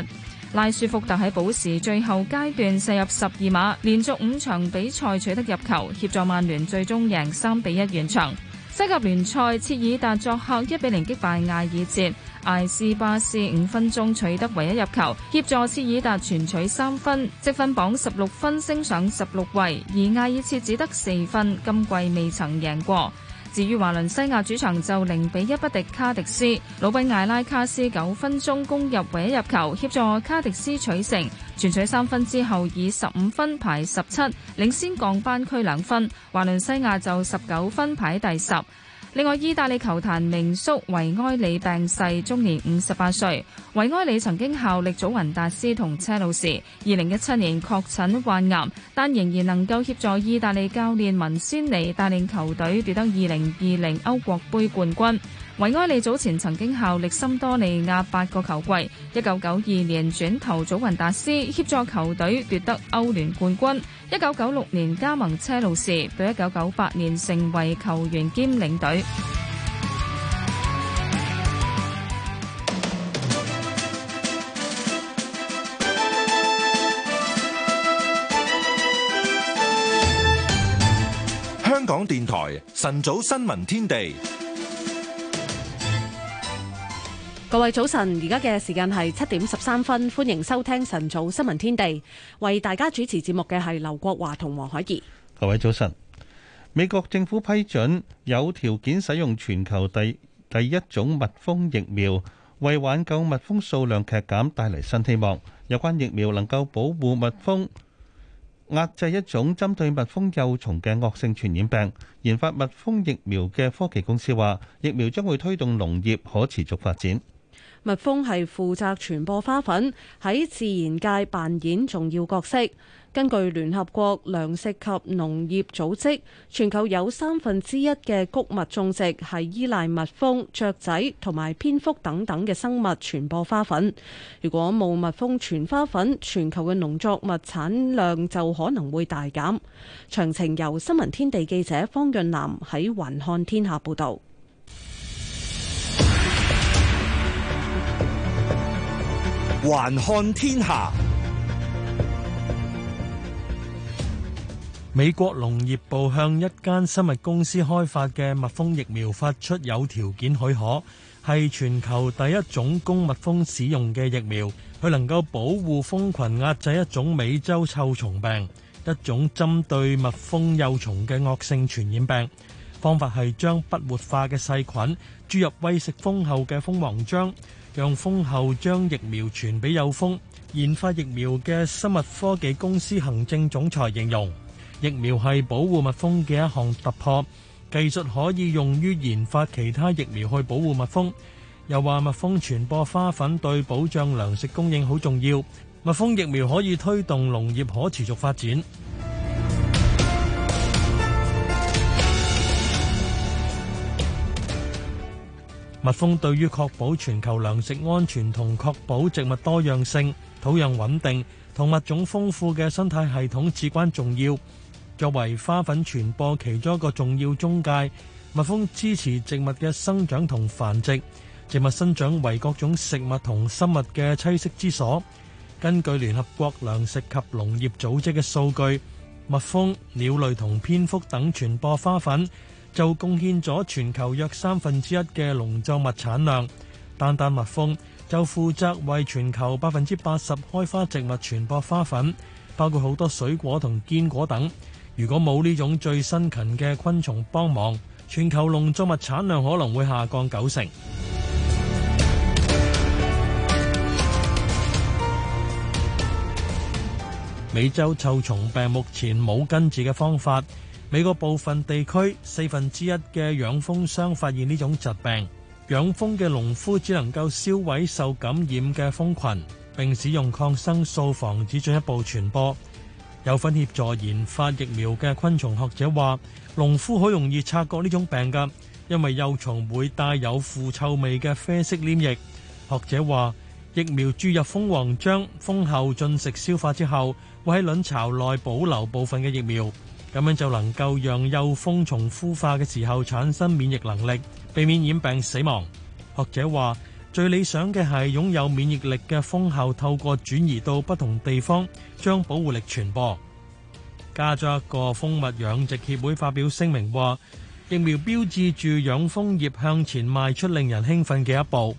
拉舒福特喺補時最後階段射入十二碼，連續五場比賽取得入球，協助曼聯最終贏三比一完場。西甲聯賽切爾達作客一比零擊敗艾爾切。艾斯巴斯五分鐘取得唯一入球，協助切爾達全取三分，積分榜十六分升上十六位。而艾爾切只得四分，今季未曾贏過。至於華倫西亞主場就零比一不敵卡迪斯，老比艾拉卡斯九分鐘攻入唯一入球，協助卡迪斯取勝，全取三分之後以十五分排十七，領先降班區兩分。華倫西亞就十九分排第十。另外，意大利球壇名宿維埃里病逝，終年五十八歲。維埃里曾經效力祖雲達斯同車路士，二零一七年確診患癌，但仍然能夠協助意大利教練文仙尼帶領球隊奪得二零二零歐國盃冠軍。維埃利早前曾經效力森多利亞八個球季，一九九二年轉投祖雲達斯，協助球隊奪得歐聯冠軍。一九九六年加盟車路士，到一九九八年成為球員兼領隊。香港電台晨早新聞天地。各位早晨，而家嘅時間係七點十三分，歡迎收聽晨早新聞天地。為大家主持節目嘅係劉國華同黃海怡。各位早晨，美國政府批准有條件使用全球第第一種蜜蜂疫苗，為挽救蜜蜂數量劇減帶嚟新希望。有關疫苗能夠保護蜜蜂，壓制一種針對蜜蜂幼蟲嘅惡性傳染病。研發蜜蜂疫苗嘅科技公司話，疫苗將會推動農業可持續發展。蜜蜂係負責傳播花粉，喺自然界扮演重要角色。根據聯合國糧食及農業組織，全球有三分之一嘅谷物種植係依賴蜜蜂、雀仔同埋蝙蝠等等嘅生物傳播花粉。如果冇蜜蜂傳花粉，全球嘅農作物產量就可能會大減。詳情由新聞天地記者方潤南喺環看天下報導。環看天下，美國農業部向一間生物公司開發嘅蜜蜂疫苗發出有條件許可，係全球第一種供蜜蜂使用嘅疫苗。佢能夠保護蜂群，壓制一種美洲臭蟲病，一種針對蜜蜂幼蟲嘅惡性傳染病。方法係將不活化嘅細菌注入餵食蜂后嘅蜂王漿。讓蜂后將疫苗傳俾有蜂。研發疫苗嘅生物科技公司行政總裁形容，疫苗係保護蜜蜂嘅一項突破，技術可以用於研發其他疫苗去保護蜜蜂。又話蜜蜂傳播花粉對保障糧食供應好重要，蜜蜂疫苗可以推動農業可持續發展。蜜蜂對於確保全球糧食安全同確保植物多樣性、土壤穩定同物種豐富嘅生態系統至關重要。作為花粉傳播其中一個重要中介，蜜蜂支持植物嘅生長同繁殖。植物生長為各種食物同生物嘅棲息之所。根據聯合國糧食及農業組織嘅數據，蜜蜂、鳥類同蝙蝠等傳播花粉。就貢獻咗全球約三分之一嘅農作物產量，單單蜜蜂就負責為全球百分之八十開花植物傳播花粉，包括好多水果同堅果等。如果冇呢種最辛勤嘅昆蟲幫忙，全球農作物產量可能會下降九成。 美洲臭蟲病目前冇根治嘅方法。美國部分地區四分之一嘅養蜂商發現呢種疾病，養蜂嘅農夫只能夠燒毀受感染嘅蜂群，並使用抗生素防止進一步傳播。有份協助研發疫苗嘅昆蟲學者話，農夫好容易察覺呢種病㗎，因為幼蟲會帶有腐臭味嘅啡色黏液。學者話，疫苗注入蜂王漿，蜂后進食消化之後，會喺卵巢內保留部分嘅疫苗。咁樣就能夠讓幼蜂從孵化嘅時候產生免疫能力，避免染病死亡。學者話，最理想嘅係擁有免疫力嘅蜂后透過轉移到不同地方，將保護力傳播。加州一個蜂蜜養殖協會發表聲明話，疫苗標誌住養蜂業向前邁出令人興奮嘅一步。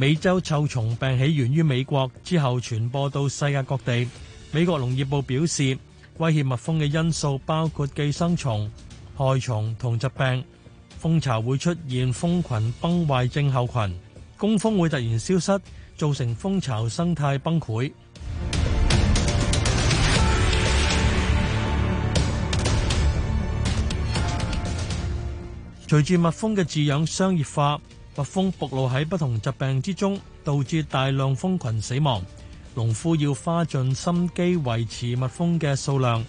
美洲臭蟲病起源於美國，之後傳播到世界各地。美國農業部表示，威脅蜜蜂嘅因素包括寄生蟲、害蟲同疾病。蜂巢會出現蜂群崩壞症候群，工蜂會突然消失，造成蜂巢生態崩潰。 隨住蜜蜂嘅飼養商業化，蜜蜂暴露喺不同疾病之中，導致大量蜂群死亡。農夫要花盡心機維持蜜蜂嘅數量。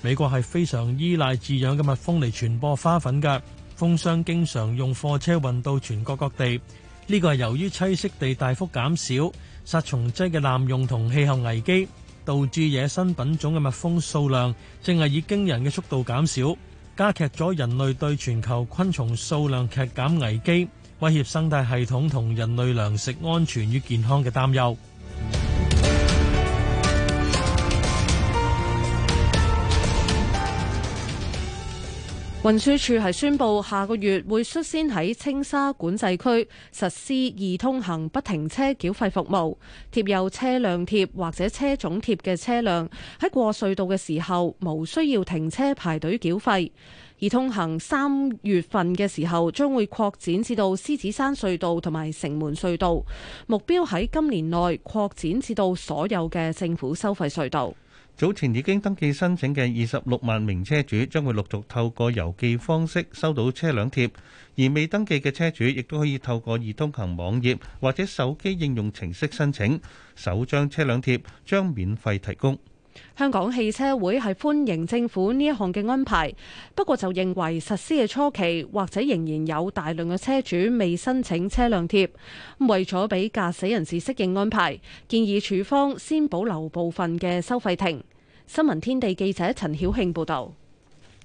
美國係非常依賴飼養嘅蜜蜂嚟傳播花粉㗎。蜂箱經常用貨車運到全國各地。呢個係由於棲息地大幅減少、殺蟲劑嘅濫用同氣候危機，導致野生品種嘅蜜蜂數量正係以驚人嘅速度減少，加劇咗人類對全球昆蟲數量劇減危機。威脅生態系統同人類糧食安全與健康嘅擔憂。運輸署係宣布，下個月會率先喺青沙管制區實施易通行不停車繳費服務，貼有車輛貼或者車種貼嘅車輛喺過隧道嘅時候，無需要停車排隊繳費。易通行三月份嘅時候將會擴展至到獅子山隧道同埋城門隧道，目標喺今年內擴展至到所有嘅政府收費隧道。早前已經登記申請嘅二十六萬名車主將會陸續透過郵寄方式收到車輛貼，而未登記嘅車主亦都可以透過易通行網頁或者手機應用程式申請。首張車輛貼將免費提供。香港汽車會係歡迎政府呢一項嘅安排，不過就認為實施嘅初期或者仍然有大量嘅車主未申請車輛貼，咁為咗俾駕駛人士適應安排，建議署方先保留部分嘅收費亭。新聞天地記者陳曉慶報道。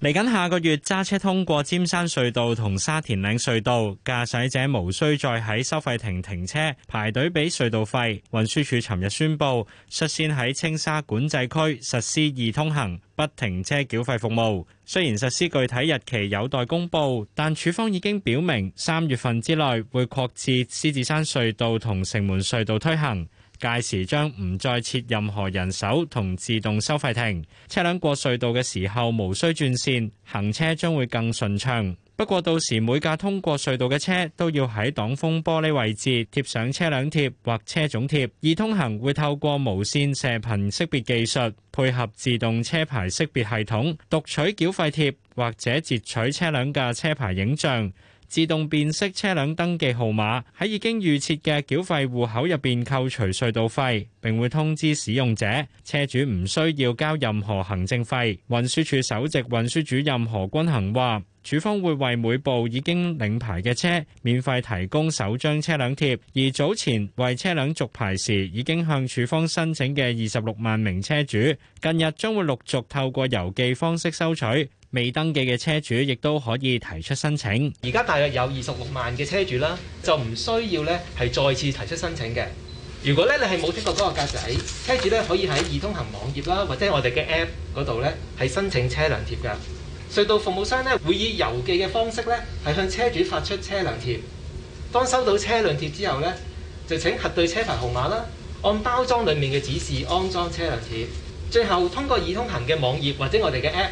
嚟緊下，下個月，揸車通過尖山隧道同沙田嶺隧道，駕駛者無需再喺收費亭停車排隊俾隧道費。運輸署尋日宣布，率先喺青沙管制區實施易通行不停車繳費服務。雖然實施具體日期有待公布，但署方已經表明三月份之內會擴設獅子山隧道同城門隧道推行。屆時將唔再設任何人手同自動收費亭，車輛過隧道嘅時候無需轉線，行車將會更順暢。不過到時每架通過隧道嘅車都要喺擋風玻璃位置貼上車輛貼或車種貼。易通行會透過無線射頻識別技術，配合自動車牌識別系統，讀取繳費貼或者截取車輛嘅車牌影像。自動辨識車輛登記號碼，喺已經預設嘅繳費戶口入邊扣除隧道費，並會通知使用者。車主唔需要交任何行政費。運輸署首席運輸主任何君行話：署方會為每部已經領牌嘅車免費提供首張車輛貼，而早前為車輛續牌時已經向署方申請嘅二十六萬名車主，近日將會陸續透過郵寄方式收取。未登記嘅車主亦都可以提出申請。而家大約有二十六萬嘅車主啦，就唔需要咧係再次提出申請嘅。如果咧你係冇貼過嗰個格仔，車主咧可以喺易通行網頁啦，或者我哋嘅 App 嗰度咧係申請車輛貼㗎。隧道服務商咧會以郵寄嘅方式咧係向車主發出車輛貼。當收到車輛貼之後咧，就請核對車牌號碼啦，按包裝裡面嘅指示安裝車輛貼。最後通過易通行嘅網頁或者我哋嘅 App。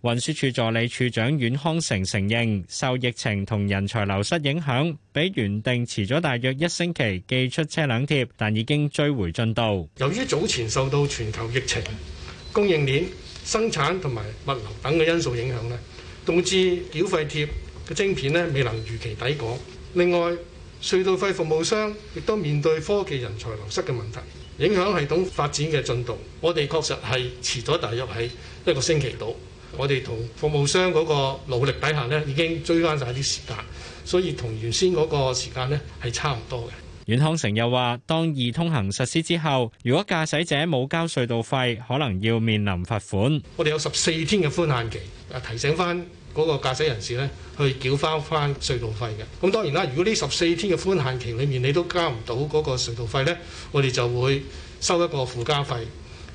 運輸署助理署長阮康成承認，受疫情同人才流失影響，比原定遲咗大約一星期寄出車輛貼，但已經追回進度。由於早前受到全球疫情、供應鏈、生產同埋物流等嘅因素影響呢，導致繳費貼嘅晶片呢未能如期抵港。另外，隧道費服務商亦都面對科技人才流失嘅問題，影響系統發展嘅進度。我哋確實係遲咗大約喺一個星期到。我哋同服務商嗰個努力底下呢，已經追翻晒啲時間，所以同原先嗰個時間咧係差唔多嘅。阮康成又話：當易通行實施之後，如果駕駛者冇交隧道費，可能要面臨罰款。我哋有十四天嘅寬限期，啊，提醒翻嗰個駕駛人士呢，去繳翻翻隧道費嘅。咁當然啦，如果呢十四天嘅寬限期裡面你都交唔到嗰個隧道費呢，我哋就會收一個附加費，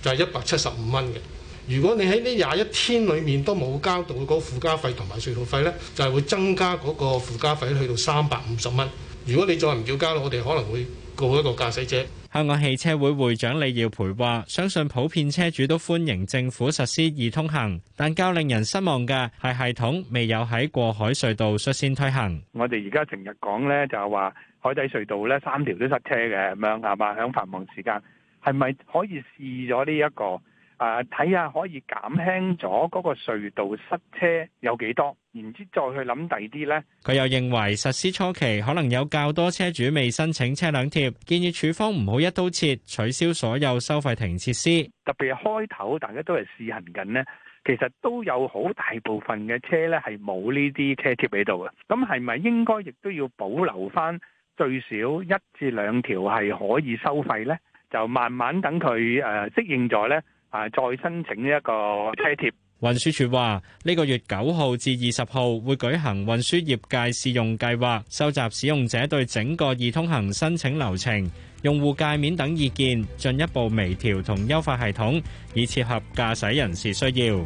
就係一百七十五蚊嘅。如果你喺呢廿一天裏面都冇交到嗰附加費同埋隧道費咧，就係會增加嗰個附加費去到三百五十蚊。如果你再唔繳交，我哋可能會告一個駕駛者。香港汽車會會長李耀培話，相信普遍車主都歡迎政府實施易通行，但較令人失望嘅係系統未有喺過海隧道率先推行。我哋而家成日講咧，就係話海底隧道咧，三條都塞車嘅咁樣係嘛？響繁忙時間，係咪可以試咗呢一個。啊！睇下可以減輕咗嗰個隧道塞車有幾多，然之再去諗第二啲呢。佢又認為實施初期可能有較多車主未申請車輛貼，建議處方唔好一刀切，取消所有收費停設施。特別係開頭，大家都係試行緊呢，其實都有好大部分嘅車呢係冇呢啲車貼喺度嘅。咁係咪應該亦都要保留翻最少一至兩條係可以收費呢？就慢慢等佢誒、呃、適應咗呢。啊！再申請一個車貼，運輸署話：呢個月九號至二十號會舉行運輸業界試用計劃，收集使用者對整個易通行申請流程、用戶界面等意見，進一步微調同優化系統，以切合駕駛人士需要。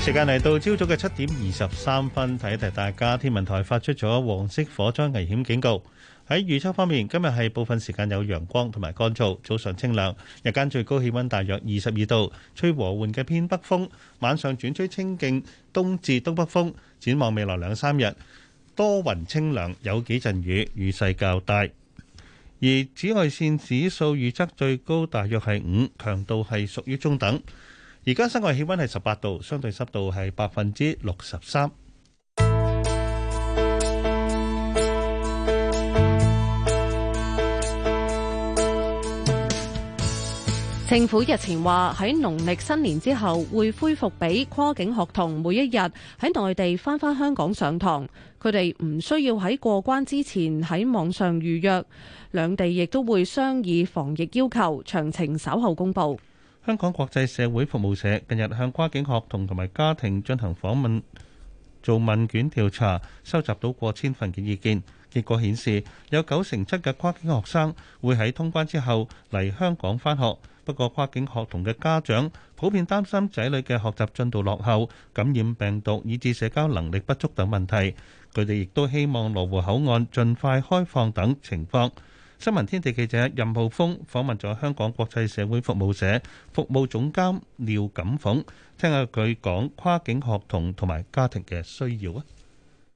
時間嚟到朝早嘅七點二十三分，提一提大家天文台發出咗黃色火災危險警告。喺預測方面，今日係部分時間有陽光同埋乾燥，早上清涼，日間最高氣温大約二十二度，吹和緩嘅偏北風，晚上轉吹清勁東至東北風。展望未來兩三日，多雲清涼，有幾陣雨，雨勢較大。而紫外線指數預測最高大約係五，強度係屬於中等。而家室外氣温係十八度，相對濕度係百分之六十三。政府日前話喺農曆新年之後會恢復俾跨境學童每一日喺內地翻返香港上堂，佢哋唔需要喺過關之前喺網上預約，兩地亦都會商議防疫要求，詳情稍後公佈。香港國際社會服務社近日向跨境學童同埋家庭進行訪問，做問卷調查，收集到過千份嘅意見，結果顯示有九成七嘅跨境學生會喺通關之後嚟香港翻學。不過跨境學童嘅家長普遍擔心仔女嘅學習進度落後、感染病毒以致社交能力不足等問題，佢哋亦都希望羅湖口岸盡快開放等情況。新聞天地記者任浩峰訪問咗香港國際社會服務社服務總監廖錦鳳，聽下佢講跨境學童同埋家庭嘅需要啊！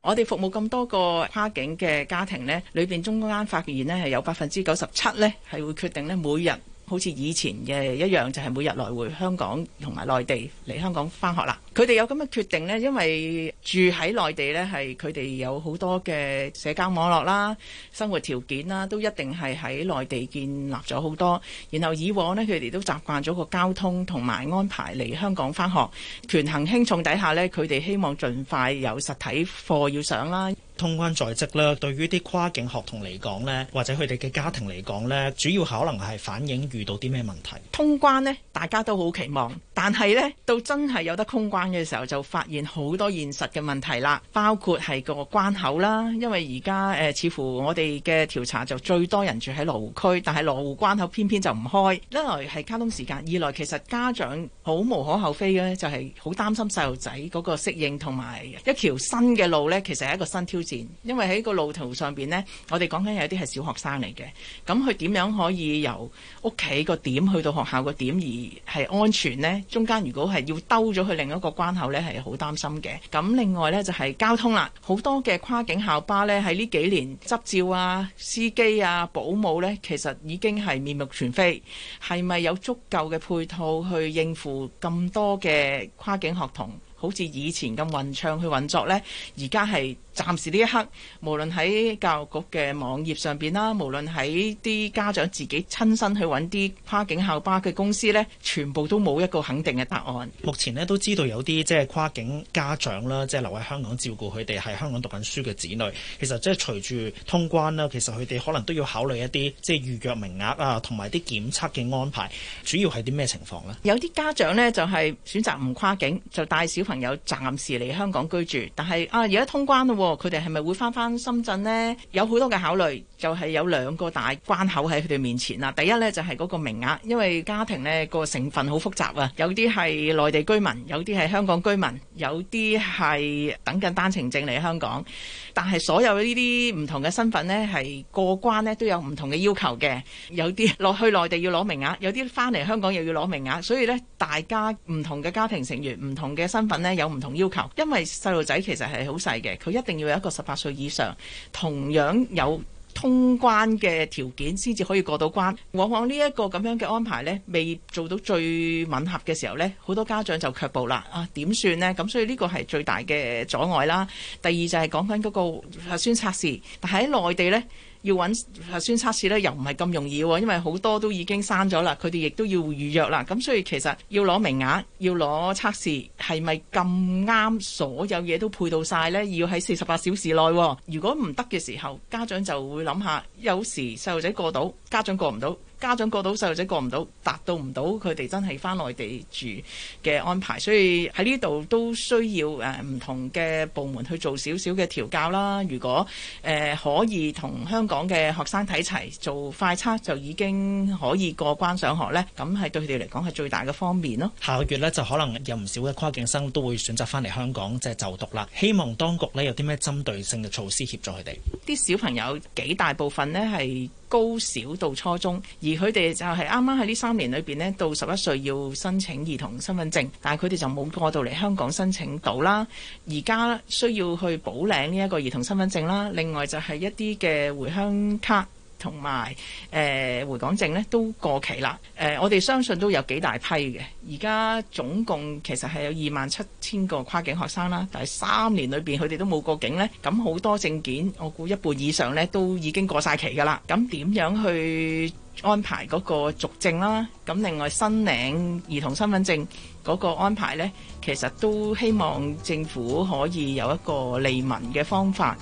我哋服務咁多個跨境嘅家庭呢，裏邊中間發現呢係有百分之九十七呢係會決定呢每日。好似以前嘅一樣，就係每日來回香港同埋內地嚟香港返學啦。佢哋有咁嘅決定呢，因為住喺內地呢，係佢哋有好多嘅社交網絡啦、生活條件啦，都一定係喺內地建立咗好多。然後以往呢，佢哋都習慣咗個交通同埋安排嚟香港返學。權衡輕重底下呢，佢哋希望盡快有實體課要上啦。通關在即啦，對於啲跨境學童嚟講咧，或者佢哋嘅家庭嚟講咧，主要可能係反映遇到啲咩問題？通關咧，大家都好期望，但係咧，到真係有得通關嘅時候，就發現好多現實嘅問題啦，包括係個關口啦。因為而家誒似乎我哋嘅調查就最多人住喺羅湖區，但係羅湖關口偏偏就唔開，一來係交通時間，二來其實家長好無可厚非嘅，就係好擔心細路仔嗰個適應同埋一條新嘅路咧，其實係一個新挑戰。因為喺個路途上邊呢，我哋講緊有啲係小學生嚟嘅，咁佢點樣可以由屋企個點去到學校個點而係安全呢？中間如果係要兜咗去另一個關口呢，係好擔心嘅。咁另外呢，就係交通啦，好多嘅跨境校巴呢，喺呢幾年執照啊、司機啊、保姆呢，其實已經係面目全非。係咪有足夠嘅配套去應付咁多嘅跨境學童，好似以前咁混暢去運作呢，而家係。暫時呢一刻，無論喺教育局嘅網頁上邊啦，無論喺啲家長自己親身去揾啲跨境校巴嘅公司呢，全部都冇一個肯定嘅答案。目前呢，都知道有啲即係跨境家長啦，即係留喺香港照顧佢哋係香港讀緊書嘅子女。其實即係隨住通關啦，其實佢哋可能都要考慮一啲即係預約名額啊，同埋啲檢測嘅安排。主要係啲咩情況呢？有啲家長呢，就係選擇唔跨境，就帶小朋友暫時嚟香港居住。但係啊，而家通關啦佢哋係咪會翻翻深圳咧？有好多嘅考慮。就係有兩個大關口喺佢哋面前啦。第一呢，就係嗰個名額，因為家庭呢個成分好複雜啊，有啲係內地居民，有啲係香港居民，有啲係等緊單程證嚟香港。但係所有呢啲唔同嘅身份呢，係過關呢都有唔同嘅要求嘅。有啲落去內地要攞名額，有啲翻嚟香港又要攞名額。所以呢，大家唔同嘅家庭成員、唔同嘅身份呢，有唔同要求。因為細路仔其實係好細嘅，佢一定要有一個十八歲以上，同樣有。通關嘅條件先至可以過到關，往往呢一個咁樣嘅安排呢，未做到最吻合嘅時候呢，好多家長就卻步啦。啊，點算呢？咁所以呢個係最大嘅阻礙啦。第二就係講緊嗰個核酸測試，但喺內地呢。要揾核酸測試呢，又唔係咁容易喎，哦，因為好多都已經刪咗啦，佢哋亦都要預約啦。咁所以其實要攞名額，要攞測試，係咪咁啱？所有嘢都配到晒呢？要喺四十八小時內，哦。如果唔得嘅時候，家長就會諗下，有時細路仔過到，家長過唔到。家長過到，細路仔過唔到，達到唔到佢哋真係返內地住嘅安排，所以喺呢度都需要誒唔同嘅部門去做少少嘅調教啦。如果誒、呃、可以同香港嘅學生睇齊做快測，就已經可以過關上學呢。咁係對佢哋嚟講係最大嘅方便咯。下個月呢，就可能有唔少嘅跨境生都會選擇返嚟香港即係、就是、就讀啦。希望當局呢，有啲咩針對性嘅措施協助佢哋。啲小朋友幾大部分呢，係。高小到初中，而佢哋就係啱啱喺呢三年裏邊咧，到十一歲要申請兒童身份證，但係佢哋就冇過到嚟香港申請到啦。而家需要去補領呢一個兒童身份證啦。另外就係一啲嘅回鄉卡。同埋誒回港證咧都過期啦，誒、呃、我哋相信都有幾大批嘅，而家總共其實係有二萬七千個跨境學生啦，但係三年裏邊佢哋都冇過境呢。咁好多證件我估一半以上呢都已經過晒期㗎啦，咁點樣去安排嗰個續證啦？咁另外申領兒童身份證嗰個安排呢，其實都希望政府可以有一個利民嘅方法。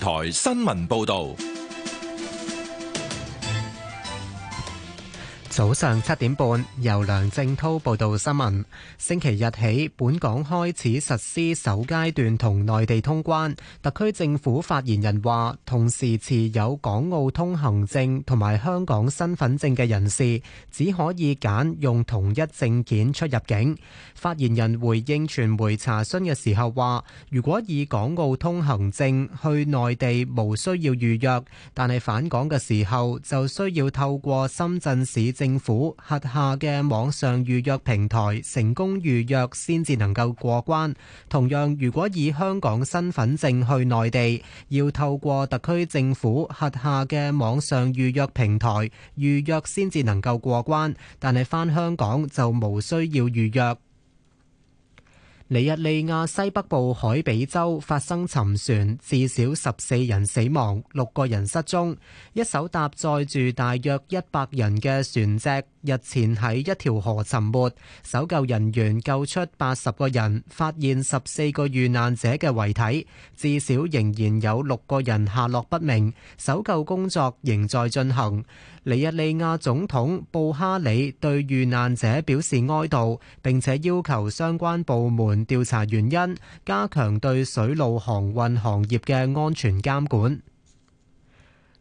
台新聞報導。早上七點半，由梁正濤報道新聞。星期日起，本港開始實施首階段同內地通關。特區政府發言人話，同時持有港澳通行證同埋香港身份證嘅人士，只可以揀用同一證件出入境。發言人回應傳媒查詢嘅時候話，如果以港澳通行證去內地無需要預約，但係返港嘅時候就需要透過深圳市政。政府轄下嘅網上預約平台成功預約先至能夠過關。同樣，如果以香港身份證去內地，要透過特區政府轄下嘅網上預約平台預約先至能夠過關。但係返香港就無需要預約。尼日利亞西北部海比州發生沉船，至少十四人死亡，六個人失蹤。一艘搭載住大約一百人嘅船隻日前喺一條河沉沒，搜救人員救出八十個人，發現十四個遇難者嘅遺體，至少仍然有六個人下落不明，搜救工作仍在進行。尼日利亞總統布哈里對遇難者表示哀悼，並且要求相關部門調查原因，加強對水路航運行業嘅安全監管。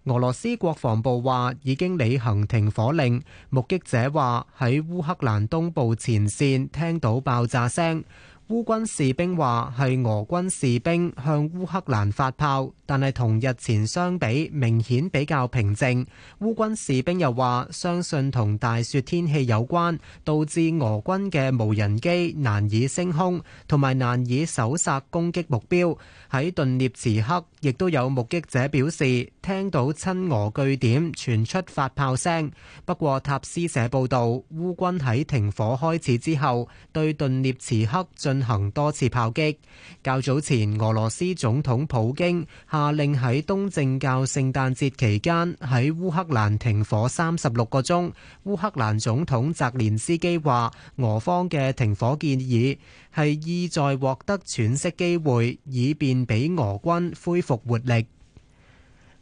俄羅斯國防部話已經履行停火令，目擊者話喺烏克蘭東部前線聽到爆炸聲。烏軍士兵話係俄軍士兵向烏克蘭發炮，但係同日前相比明顯比較平靜。烏軍士兵又話相信同大雪天氣有關，導致俄軍嘅無人機難以升空，同埋難以搜殺攻擊目標。喺頓涅茨克，亦都有目擊者表示聽到親俄據點傳出發炮聲。不過塔斯社報道，烏軍喺停火開始之後對頓涅茨克進行多次炮擊。較早前，俄羅斯總統普京下令喺東正教聖誕節期間喺烏克蘭停火三十六個鐘。烏克蘭總統澤連斯基話，俄方嘅停火建議係意在獲得喘息機會，以便俾俄軍恢復活力。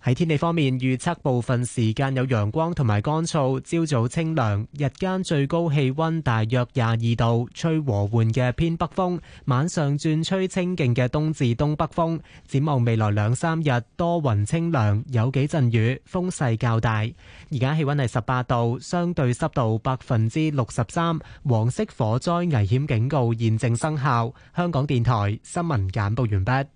喺天氣方面，預測部分時間有陽光同埋乾燥，朝早清涼，日間最高氣溫大約廿二度，吹和緩嘅偏北風，晚上轉吹清勁嘅東至東北風。展望未來兩三日，多雲清涼，有幾陣雨，風勢較大。而家氣溫係十八度，相對濕度百分之六十三，黃色火災危險警告現正生效。香港電台新聞簡報完畢。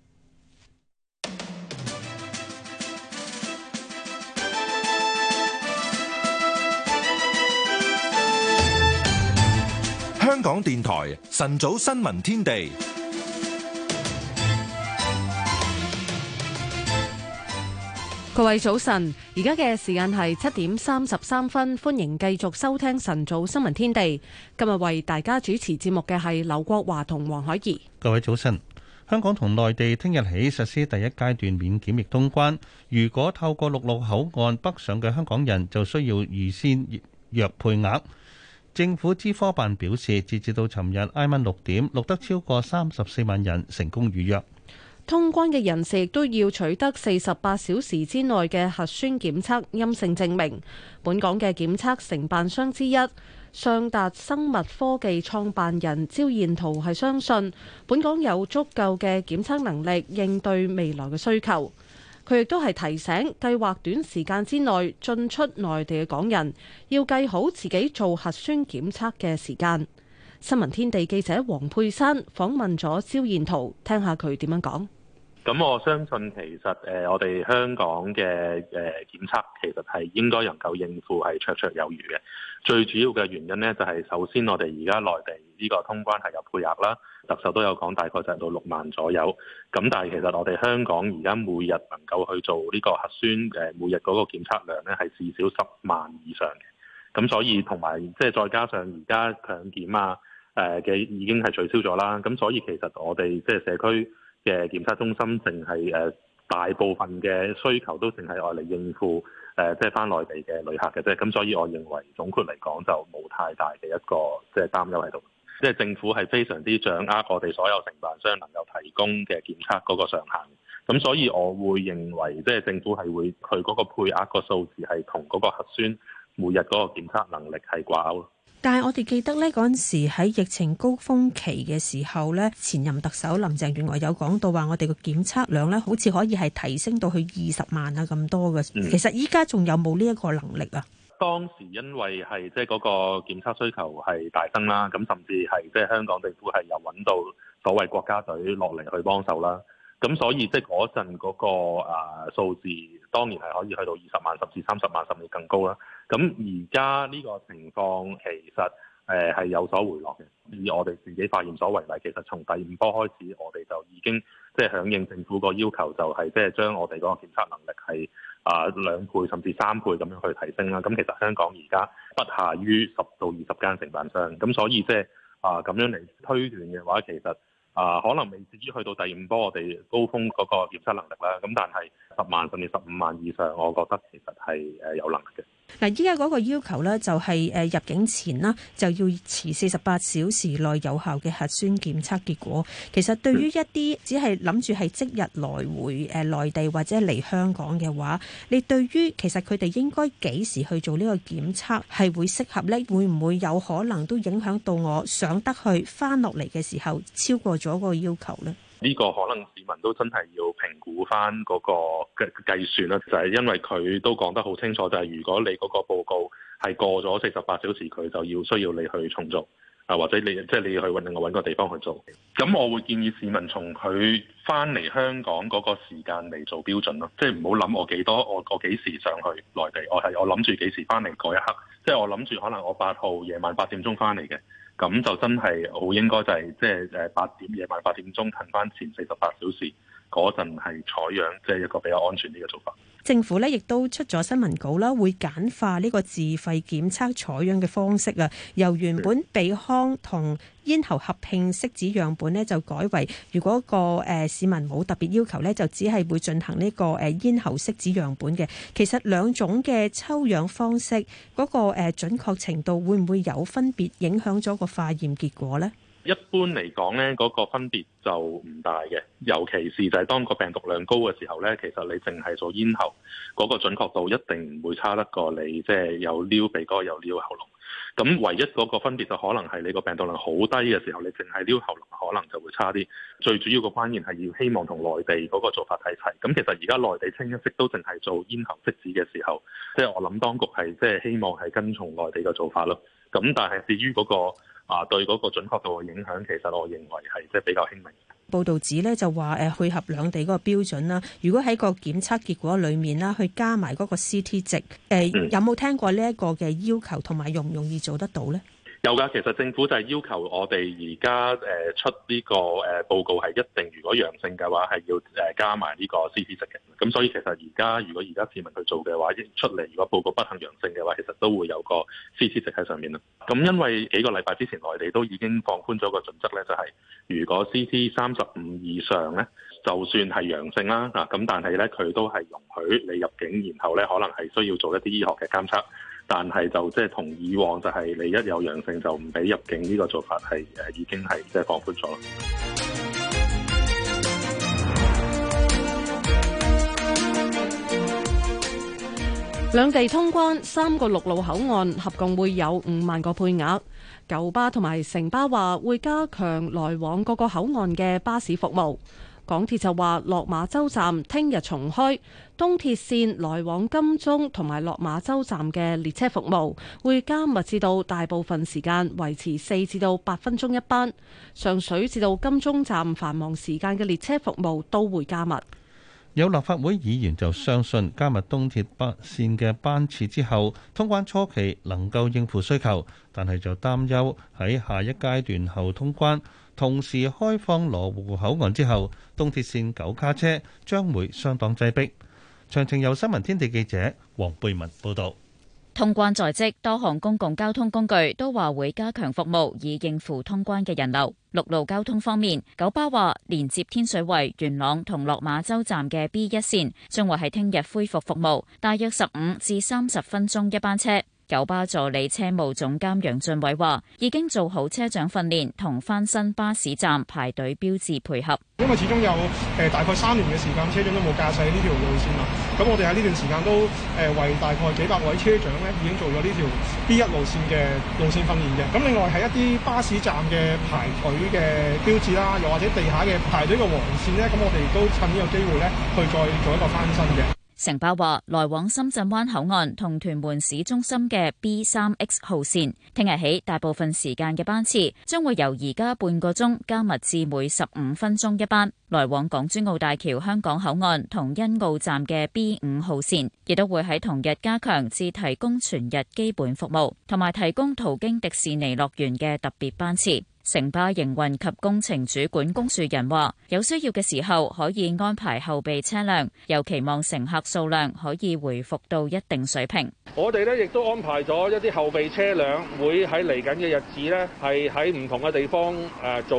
香港電台晨早新聞天地，各位早晨，而家嘅時間係七點三十三分，歡迎繼續收聽晨早新聞天地。今日為大家主持節目嘅係劉國華同黃海怡。各位早晨，香港同內地聽日起實施第一階段免檢疫通關，如果透過陸路口岸北上嘅香港人，就需要預先約配額。政府資科辦表示，截至到尋日挨晚六點，錄得超過三十四萬人成功預約。通關嘅人士亦都要取得四十八小時之內嘅核酸檢測陰性證明。本港嘅檢測承辦商之一相達生物科技創辦人招彥燾係相信，本港有足夠嘅檢測能力應對未來嘅需求。佢亦都係提醒計劃短時間之內進出內地嘅港人，要計好自己做核酸檢測嘅時間。新聞天地記者黃佩珊訪問咗蕭燕濤，聽下佢點樣講。咁我相信其實誒我哋香港嘅誒檢測其實係應該能夠應付係綽綽有餘嘅。最主要嘅原因咧，就係首先我哋而家內地。呢個通關係有配額啦，特首都有講，大概就係到六萬左右。咁但係其實我哋香港而家每日能夠去做呢個核酸誒每日嗰個檢測量咧，係至少十萬以上嘅。咁所以同埋即係再加上而家強檢啊誒嘅、呃、已經係取消咗啦。咁所以其實我哋即係社區嘅檢測中心，淨係誒大部分嘅需求都淨係外嚟應付誒即係返內地嘅旅客嘅啫。咁所以我認為總括嚟講，就冇太大嘅一個即係擔憂喺度。即係政府係非常之掌握我哋所有承辦商能夠提供嘅檢測嗰個上限，咁所以我會認為，即係政府係會佢嗰個配額個數字係同嗰個核酸每日嗰個檢測能力係掛鈎。但係我哋記得呢嗰陣時喺疫情高峰期嘅時候呢，前任特首林鄭月娥有講到話，我哋個檢測量呢，好似可以係提升到去二十萬啊咁多嘅。嗯、其實依家仲有冇呢一個能力啊？當時因為係即係嗰個檢測需求係大增啦，咁甚至係即係香港政府係又揾到所謂國家隊落嚟去幫手啦，咁所以即係嗰陣嗰個、呃、數字當然係可以去到二十萬、甚至三十萬甚至更高啦。咁而家呢個情況其實誒係有所回落嘅，以我哋自己化驗所為例，其實從第五波開始，我哋就已經即係響應政府個要求，就係即係將我哋嗰個檢測能力係，啊，兩倍甚至三倍咁樣去提升啦，啊。咁、啊、其實香港而家不下於十到二十間承辦商，咁所以即、就、係、是、啊咁樣嚟推斷嘅話，其實啊可能未至於去到第五波我哋高峰嗰個業績能力啦。咁、啊、但係十萬甚至十五萬以上，我覺得其實係誒有能力嘅。嗱，依家嗰個要求呢，就係誒入境前呢，就要持四十八小時內有效嘅核酸檢測結果。其實對於一啲只係諗住係即日來回誒內地或者嚟香港嘅話，你對於其實佢哋應該幾時去做呢個檢測係會適合呢？會唔會有可能都影響到我上得去翻落嚟嘅時候超過咗個要求呢？呢個可能市民都真係要評估翻嗰個計算啦，就係因為佢都講得好清楚，就係如果你嗰個報告係過咗四十八小時，佢就要需要你去重做，啊或者你即係、就是、你要去揾另外揾個地方去做。咁我會建議市民從佢翻嚟香港嗰個時間嚟做標準咯，即係唔好諗我幾多，我我幾時上去內地，我係我諗住幾時翻嚟嗰一刻，即、就、係、是、我諗住可能我八號夜晚八點鐘翻嚟嘅。咁就真係，我應該就係即係誒八點夜晚八點鐘，近翻前四十八小時嗰陣係採樣，即係一個比較安全啲嘅做法。政府呢亦都出咗新聞稿啦，會簡化呢個自費檢測採樣嘅方式啊。由原本鼻腔同咽喉合併拭子樣本呢，就改為如果個誒、呃、市民冇特別要求呢，就只係會進行呢個誒咽喉拭子樣本嘅。其實兩種嘅抽樣方式嗰、那個誒、呃、準確程度會唔會有分別，影響咗個化驗結果呢？一般嚟講咧，嗰個分別就唔大嘅，尤其是就係當個病毒量高嘅時候咧，其實你淨係做咽喉嗰個準確度一定唔會差得過你即係有撩鼻哥有撩喉嚨。咁唯一嗰個分別就可能係你個病毒量好低嘅時候，你淨係撩喉嚨可能就會差啲。最主要個關鍵係要希望同內地嗰個做法睇齊。咁其實而家內地清一色都淨係做咽喉拭子嘅時候，即係我諗當局係即係希望係跟從內地嘅做法咯。咁但係至於嗰個。啊，對嗰個準確度嘅影響，其實我認為係即係比較輕微。報道指咧就話，誒，配合兩地嗰個標準啦，如果喺個檢測結果裏面啦，去加埋嗰個 CT 值，誒、嗯，有冇聽過呢一個嘅要求，同埋容唔容易做得到咧？有㗎，其實政府就係要求我哋而家誒出呢個誒報告係一定，如果陽性嘅話係要誒加埋呢個 CT 值嘅。咁所以其實而家如果而家市民去做嘅話，出嚟如果報告不幸陽性嘅話，其實都會有個 CT 值喺上面啦。咁因為幾個禮拜之前內地都已經放寬咗個準則咧，就是，就係如果 CT 三十五以上咧，就算係陽性啦，咁但係咧佢都係容許你入境，然後咧可能係需要做一啲醫學嘅監測。但係就即係同以往就係你一有陽性就唔俾入境呢個做法係誒已經係即係放寬咗咯。兩地通關，三個陸路口岸合共會有五萬個配額。九巴同埋城巴話會加強來往各個口岸嘅巴士服務。港鐵就話，落馬洲站聽日重開，東鐵線來往金鐘同埋落馬洲站嘅列車服務會加密至到大部分時間維持四至到八分鐘一班，上水至到金鐘站繁忙時間嘅列車服務都會加密。有立法會議員就相信加密東鐵北線嘅班次之後，通關初期能夠應付需求，但係就擔憂喺下一階段後通關。同時開放羅湖口岸之後，東鐵線九卡車將會相當擠迫。詳情由新聞天地記者黃貝文報道。通關在即，多項公共交通工具都話會加強服務，以應付通關嘅人流。陸路交通方面，九巴話連接天水圍、元朗同落馬洲站嘅 B 一線將會喺聽日恢復服務，大約十五至三十分鐘一班車。九巴助理車務總監楊俊偉話，已經做好車長訓練同翻新巴士站排隊標誌配合。因為始終有誒大概三年嘅時間，車長都冇駕駛呢條路線啦。咁我哋喺呢段時間都誒爲大概幾百位車長咧，已經做咗呢條 B1 路線嘅路線訓練嘅。咁另外喺一啲巴士站嘅排隊嘅標誌啦，又或者地下嘅排隊嘅黃線咧，咁我哋都趁呢個機會咧，去再做一個翻新嘅。城巴話，來往深圳灣口岸同屯門市中心嘅 B 三 X 號線，聽日起大部分時間嘅班次將會由而家半個鐘加密至每十五分鐘一班；來往港珠澳大橋香港口岸同欣澳站嘅 B 五號線亦都會喺同日加強至提供全日基本服務，同埋提供途經迪士尼樂園嘅特別班次。城巴營運及工程主管公樹人話：有需要嘅時候可以安排後備車輛，又期望乘客數量可以回復到一定水平。我哋咧亦都安排咗一啲後備車輛，會喺嚟緊嘅日子咧，係喺唔同嘅地方誒、呃、做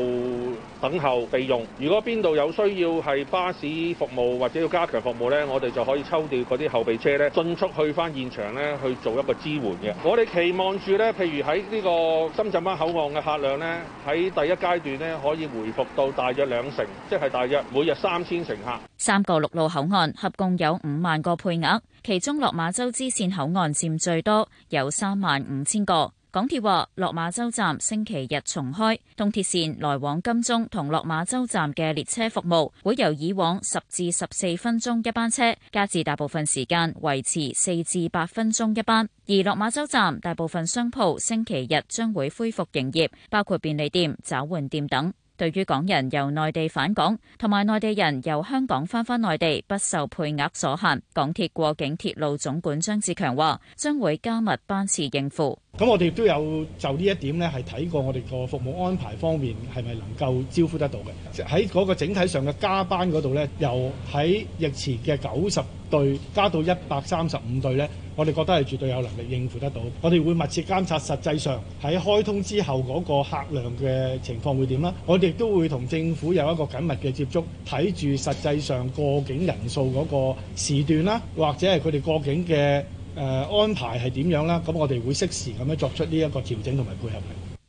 等候備用。如果邊度有需要係巴士服務或者要加強服務咧，我哋就可以抽調嗰啲後備車咧，迅速去翻現場咧去做一個支援嘅。我哋期望住咧，譬如喺呢個深圳灣口岸嘅客量咧。喺第一階段咧，可以回復到大約兩成，即係大約每日三千乘客。三個陸路口岸合共有五萬個配額，其中落馬洲支線口岸佔最多，有三萬五千個。港鐵話，落馬洲站星期日重開，東鐵綫來往金鐘同落馬洲站嘅列車服務會由以往十至十四分鐘一班車，加至大部分時間維持四至八分鐘一班。而落馬洲站大部分商鋪星期日將會恢復營業，包括便利店、找換店等。對於港人由內地返港，同埋內地人由香港返返內地不受配額所限，港鐵過境鐵路總管張志強話，將會加密班次應付。咁我哋都有就呢一點呢，係睇過我哋個服務安排方面係咪能夠招呼得到嘅。喺嗰個整體上嘅加班嗰度呢，又喺疫前嘅九十對加到一百三十五對呢，我哋覺得係絕對有能力應付得到。我哋會密切監察實際上喺開通之後嗰個客量嘅情況會點啦。我哋都會同政府有一個緊密嘅接觸，睇住實際上過境人數嗰個時段啦，或者係佢哋過境嘅。誒安排係點樣啦？咁我哋會適時咁樣作出呢一個調整同埋配合。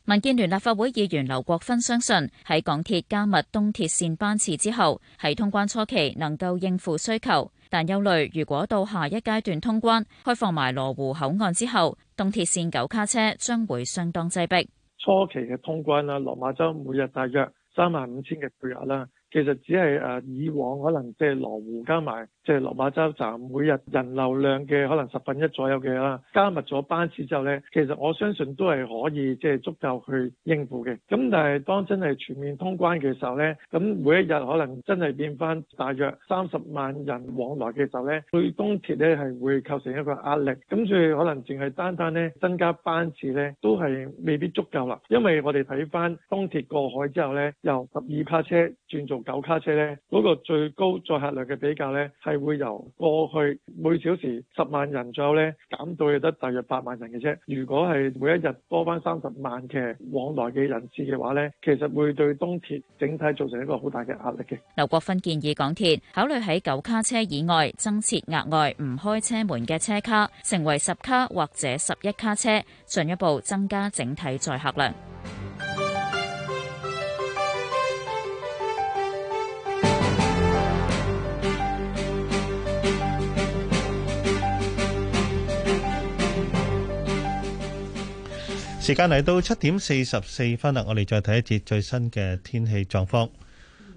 民建聯立法會議員劉國勳相信喺港鐵加密東鐵線班次之後，喺通關初期能夠應付需求，但憂慮如果到下一階段通關開放埋羅湖口岸之後，東鐵線九卡車將會相當擠迫。初期嘅通關啦，落馬洲每日大約三萬五千嘅配額啦。其實只係誒以往可能即係羅湖加埋即係落馬洲站每日人流量嘅可能十分一左右嘅啦，加密咗班次之後呢，其實我相信都係可以即係足夠去應付嘅。咁但係當真係全面通關嘅時候呢，咁每一日可能真係變翻大約三十萬人往來嘅時候呢，對東鐵呢係會構成一個壓力。咁所以可能淨係單單呢增加班次呢都係未必足夠啦，因為我哋睇翻東鐵過海之後呢，由十二卡車轉做，九卡車呢，嗰個最高載客量嘅比較呢，係會由過去每小時十萬人左右呢減到去得大約八萬人嘅啫。如果係每一日多翻三十萬嘅往來嘅人次嘅話呢，其實會對東鐵整體造成一個好大嘅壓力嘅。劉國芬建議港鐵考慮喺九卡車以外增設額外唔開車門嘅車卡，成為十卡或者十一卡車，進一步增加整體載客量。時間嚟到七點四十四分啦，我哋再睇一節最新嘅天氣狀況。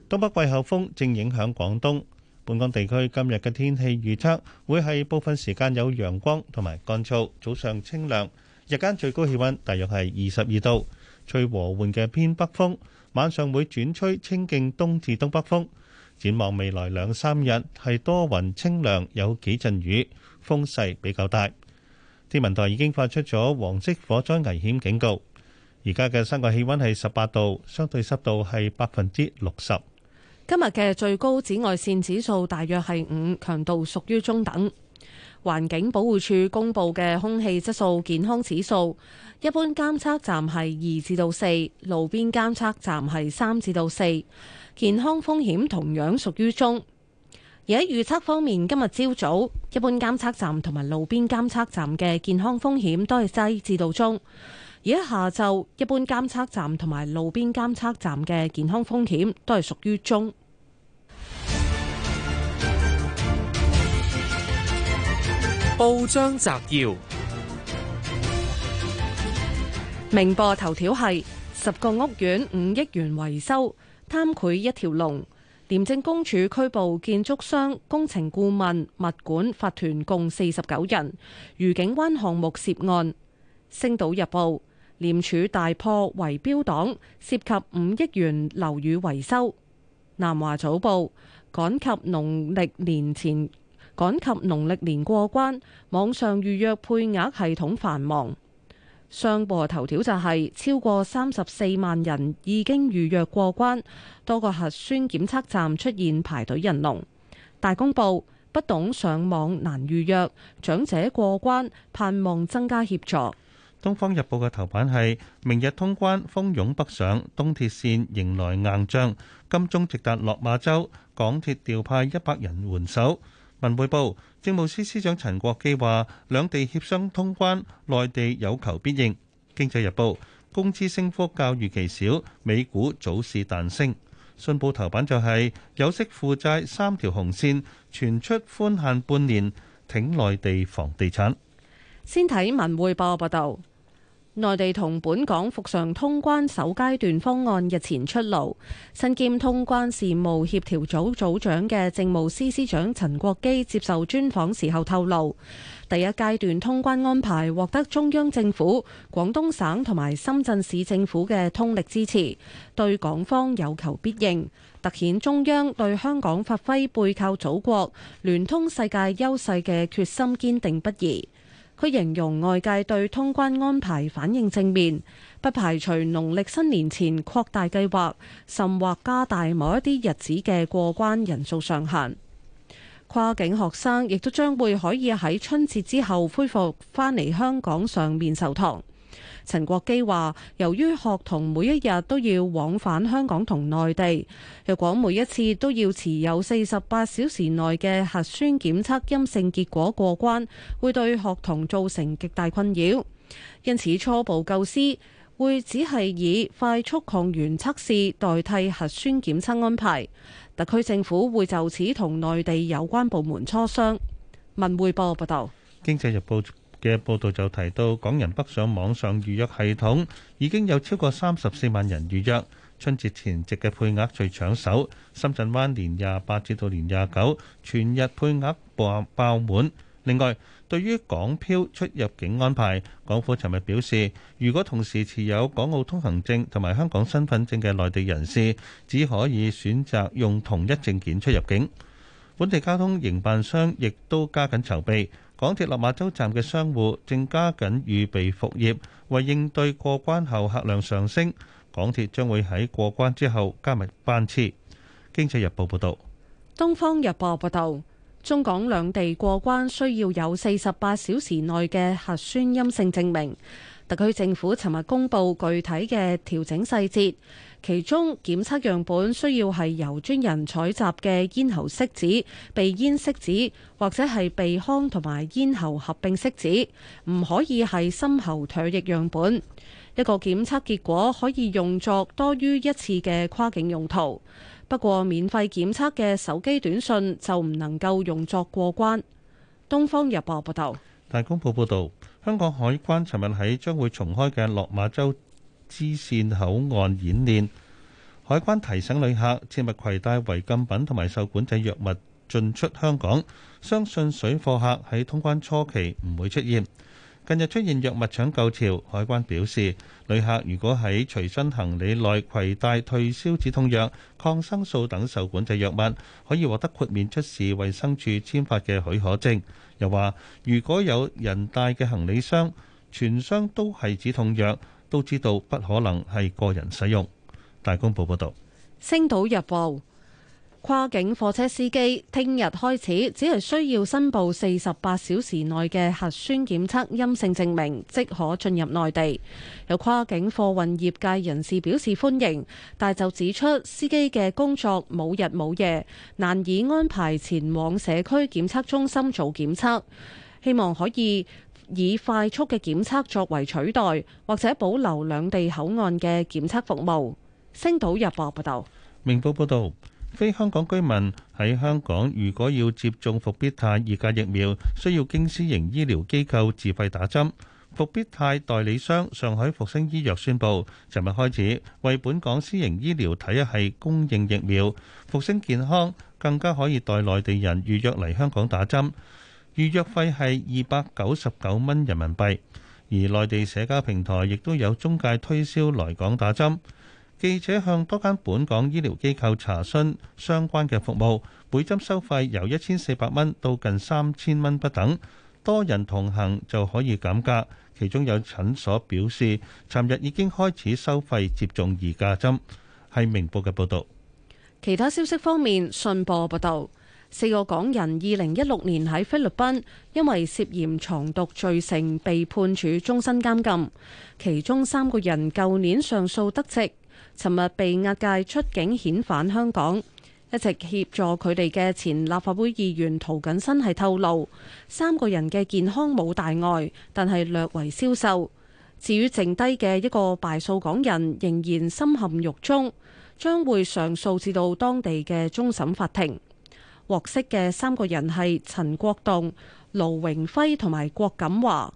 東北季候風正影響廣東本港地區，今日嘅天氣預測會係部分時間有陽光同埋乾燥，早上清涼，日間最高氣溫大約係二十二度。吹和緩嘅偏北風，晚上會轉吹清勁東至東北風。展望未來兩三日係多雲清涼，有幾陣雨，風勢比較大。天文台已經發出咗黃色火災危險警告。而家嘅室外氣溫係十八度，相對濕度係百分之六十。今日嘅最高紫外線指數大約係五，強度屬於中等。環境保護署公布嘅空氣質素健康指數，一般監測站係二至到四，路邊監測站係三至到四，健康風險同樣屬於中。而喺預測方面，今日朝早一般監測站同埋路邊監測站嘅健康風險都係低至到中；而喺下晝，一般監測站同埋路邊監測站嘅健康風險都係屬於中。中報章摘要：明報頭條係十個屋苑五億元維修貪賄一條龍。廉政公署拘捕建築商、工程顧問、物管法團共四十九人。愉景灣項目涉案。《星島日報》廉署大破圍標黨，涉及五億元樓宇維修。《南華早報》趕及農曆年前，趕及農曆年過關，網上預約配額系統繁忙。上報頭條就係、是、超過三十四萬人已經預約過關，多個核酸檢測站出現排隊人龍。大公報，不懂上網難預約，長者過關盼望增加協助。《東方日報》嘅頭版係明日通關蜂擁北上，東鐵線迎來硬仗，金鐘直達落馬洲，港鐵調派一百人援手。文匯報政務司司長陳國基話：兩地協商通關，內地有求必應。經濟日報工資升幅較預期少，美股早市彈升。信報頭版就係、是、有息負債三條紅線傳出寬限半年，挺內地房地產。先睇文匯報報道。內地同本港復常通關首階段方案日前出爐，身兼通關事務協調組組長嘅政務司司長陳國基接受專訪時候透露，第一階段通關安排獲得中央政府、廣東省同埋深圳市政府嘅通力支持，對港方有求必應，凸顯中央對香港發揮背靠祖國、聯通世界優勢嘅決心堅定不移。佢形容外界對通關安排反應正面，不排除農曆新年前擴大計劃，甚或加大某一啲日子嘅過關人數上限。跨境學生亦都將會可以喺春節之後恢復返嚟香港上面授堂。陳國基話，由於學童每一日都要往返香港同內地，若果每一次都要持有四十八小時內嘅核酸檢測陰性結果過關，會對學童造成極大困擾。因此初步構思會只係以快速抗原測試代替核酸檢測安排。特區政府會就此同內地有關部門磋商。文匯報報導，《經濟日報》嘅報道就提到，港人北上網上預約系統已經有超過三十四萬人預約，春節前夕嘅配額最搶手。深圳灣年廿八至到年廿九全日配額爆爆滿。另外，對於港票出入境安排，港府尋日表示，如果同時持有港澳通行證同埋香港身份證嘅內地人士，只可以選擇用同一證件出入境。本地交通營辦商亦都加緊籌備。港鐵落馬洲站嘅商戶正加緊預備復業，為應對過關後客量上升，港鐵將會喺過關之後加密班次。經濟日報報道：《東方日報》報道，中港兩地過關需要有四十八小時內嘅核酸陰性證明。特區政府尋日公布具體嘅調整細節。其中檢測樣本需要係由專人採集嘅咽喉拭子、鼻咽拭子或者係鼻腔同埋咽喉合併拭子，唔可以係深喉唾液樣本。一個檢測結果可以用作多於一次嘅跨境用途，不過免費檢測嘅手機短訊就唔能夠用作過關。《東方日報》報道，大公報報道，香港海關尋日喺將會重開嘅落馬洲支線口岸演練，海關提醒旅客切勿攜帶違禁品同埋受管制藥物進出香港。相信水貨客喺通關初期唔會出現。近日出現藥物搶購潮，海關表示，旅客如果喺隨身行李內攜帶退燒止痛藥、抗生素等受管制藥物，可以獲得豁免出示衛生署簽發嘅許可證。又話，如果有人帶嘅行李箱全箱都係止痛藥。都知道不可能係個人使用。大公報報道，《星島日報》跨境貨車司機聽日開始，只係需要申報四十八小時內嘅核酸檢測陰性證明，即可進入內地。有跨境貨運業界人士表示歡迎，但就指出司機嘅工作冇日冇夜，難以安排前往社區檢測中心做檢測，希望可以。以快速嘅檢測作為取代，或者保留兩地口岸嘅檢測服務。星島日報報導，明報報導，非香港居民喺香港如果要接種復必泰二價疫苗，需要經私營醫療機構自費打針。復必泰代理商上海復星醫藥宣布，尋日開始為本港私營醫療體系供應疫苗。復星健康更加可以代內地人預約嚟香港打針。預約費係二百九十九蚊人民幣，而內地社交平台亦都有中介推銷來港打針。記者向多間本港醫療機構查詢相關嘅服務，每針收費由一千四百蚊到近三千蚊不等，多人同行就可以減價。其中有診所表示，尋日已經開始收費接種二價針。係明報嘅報道。其他消息方面，信報報道。四個港人二零一六年喺菲律賓因為涉嫌藏毒罪成，被判處終身監禁。其中三個人舊年上訴得直，尋日被押解出境遣返香港。一直協助佢哋嘅前立法會議員涂謹申係透露，三個人嘅健康冇大礙，但係略為消瘦。至於剩低嘅一個敗訴港人，仍然深陷獄中，將會上訴至到當地嘅終審法庭。獲釋嘅三個人係陳國棟、盧榮輝同埋郭錦華，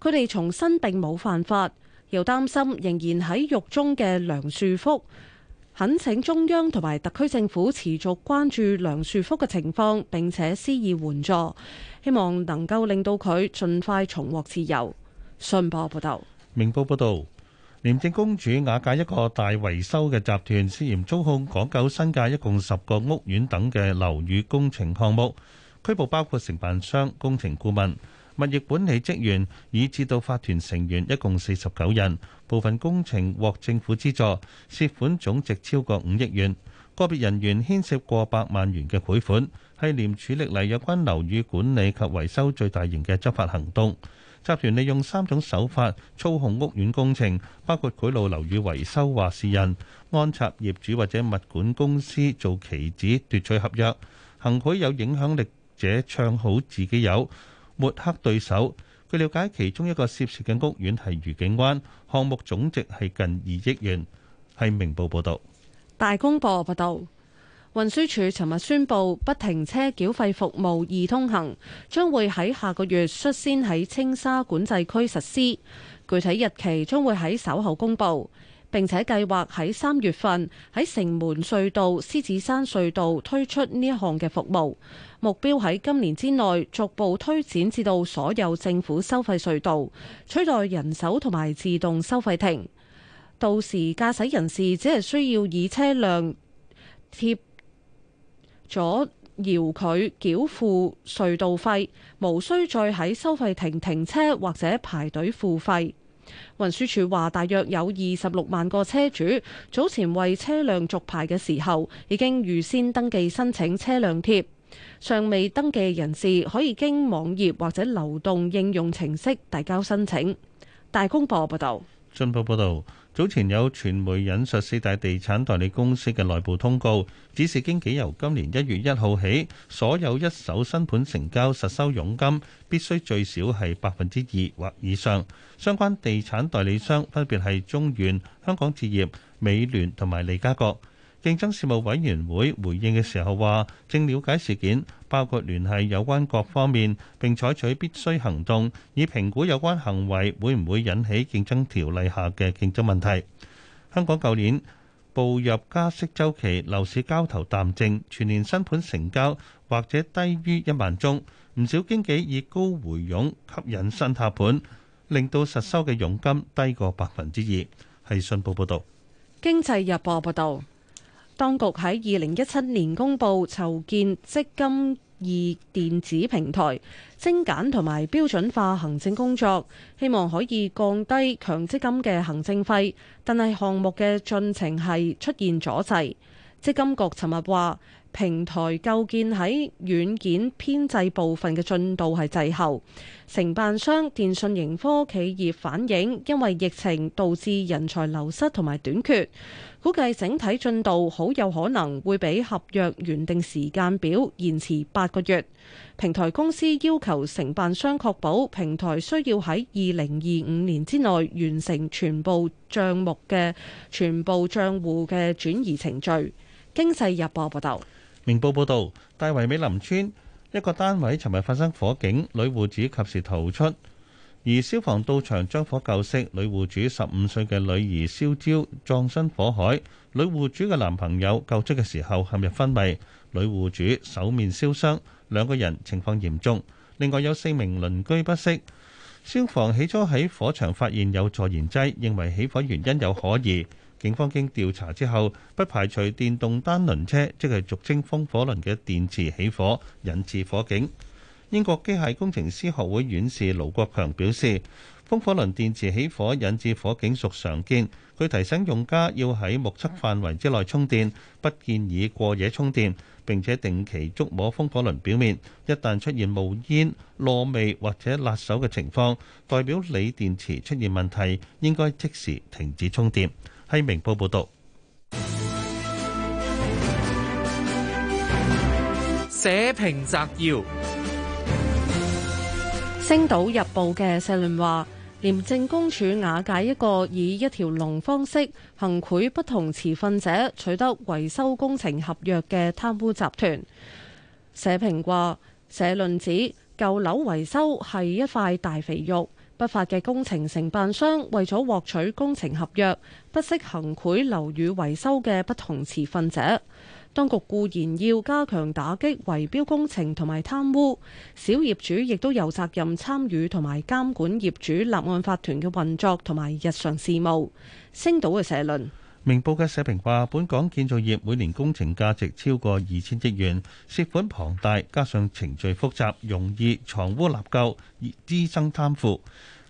佢哋重申並冇犯法，又擔心仍然喺獄中嘅梁樹福，懇請中央同埋特區政府持續關注梁樹福嘅情況，並且施以援助，希望能夠令到佢儘快重獲自由。信報報道，明報報道。廉政公署瓦解一個大維修嘅集團，涉嫌操控港九新界一共十個屋苑等嘅樓宇工程項目，拘捕包括承辦商、工程顧問、物業管理職員以至到法團成員一共四十九人。部分工程獲政府資助，涉款總值超過五億元，個別人員牽涉過百萬元嘅賄款，係廉署歷嚟有關樓宇管理及維修最大型嘅執法行動。集團利用三種手法操控屋苑工程，包括賄賂樓宇維修話事人、安插業主或者物管公司做棋子奪取合約，行賄有影響力者唱好自己有，抹黑對手。據了解，其中一個涉事嘅屋苑係愉景灣，項目總值係近二億元。係明報報道，大公報報道。運輸署尋日宣布，不停車繳費服務易通行將會喺下個月率先喺青沙管制區實施，具體日期將會喺稍後公布，並且計劃喺三月份喺城門隧道、獅子山隧道推出呢一項嘅服務，目標喺今年之內逐步推展至到所有政府收費隧道，取代人手同埋自動收費亭，到時駕駛人士只係需要以車輛貼。貼阻饒佢繳付隧道費，無需再喺收費亭停車或者排隊付費。運輸署話，大約有二十六萬個車主早前為車輛續牌嘅時候，已經預先登記申請車輛貼。尚未登記人士可以經網頁或者流動應用程式遞交申請。大公報報道，商報報道。早前有傳媒引述四大地產代理公司嘅內部通告，指示經紀由今年一月一號起，所有一手新盤成交實收佣金必須最少係百分之二或以上。相關地產代理商分別係中原、香港置業、美聯同埋利嘉閣。競爭事務委員會回應嘅時候話，正了解事件，包括聯繫有關各方面，並採取必須行動，以評估有關行為會唔會引起競爭條例下嘅競爭問題。香港舊年步入加息週期，樓市交投淡靜，全年新盤成交或者低於一萬宗，唔少經紀以高回佣吸引新客盤，令到實收嘅佣金低過百分之二。係信報報道，《經濟日報》報道。當局喺二零一七年公布籌建積金二電子平台，精簡同埋標準化行政工作，希望可以降低強積金嘅行政費，但係項目嘅進程係出現阻滯。積金局尋日話。平台構建喺軟件編製部分嘅進度係滯後，承辦商電信盈科企業反映，因為疫情導致人才流失同埋短缺，估計整體進度好有可能會比合約原定時間表延遲八個月。平台公司要求承辦商確保平台需要喺二零二五年之內完成全部賬目嘅全部賬戶嘅轉移程序。經濟日報報道。明報報導，大圍美林邨一個單位尋日發生火警，女戶主及時逃出，而消防到場將火救熄。女戶主十五歲嘅女兒燒焦，葬身火海。女戶主嘅男朋友救出嘅時候陷入昏迷，女戶主手面燒傷，兩個人情況嚴重。另外有四名鄰居不適，消防起初喺火場發現有助燃劑，認為起火原因有可疑。警方經調查之後，不排除電動單輪車，即係俗稱風火輪嘅電池起火引致火警。英國機械工程師學會院士盧國強表示，風火輪電池起火引致火警屬常見。佢提醒用家要喺目測範圍之內充電，不建議過夜充電。並且定期觸摸風火輪表面，一旦出現冒煙、燶味或者辣手嘅情況，代表鋰電池出現問題，應該即時停止充電。係《明報》報道，社評摘要：《星島日報》嘅社論話，廉政公署瓦解一個以一條龍方式行賄不同持份者取得維修工程合約嘅貪污集團。社評話，社論指舊樓維修係一塊大肥肉。不法嘅工程承辦商為咗獲取工程合約，不惜行賄樓宇維修嘅不同持份者。當局固然要加強打擊圍標工程同埋貪污，小業主亦都有責任參與同埋監管業主立案法團嘅運作同埋日常事務。星島嘅社論。明報嘅社評話：本港建造業每年工程價值超過二千億元，涉款龐大，加上程序複雜，容易藏污納垢，滋生貪腐。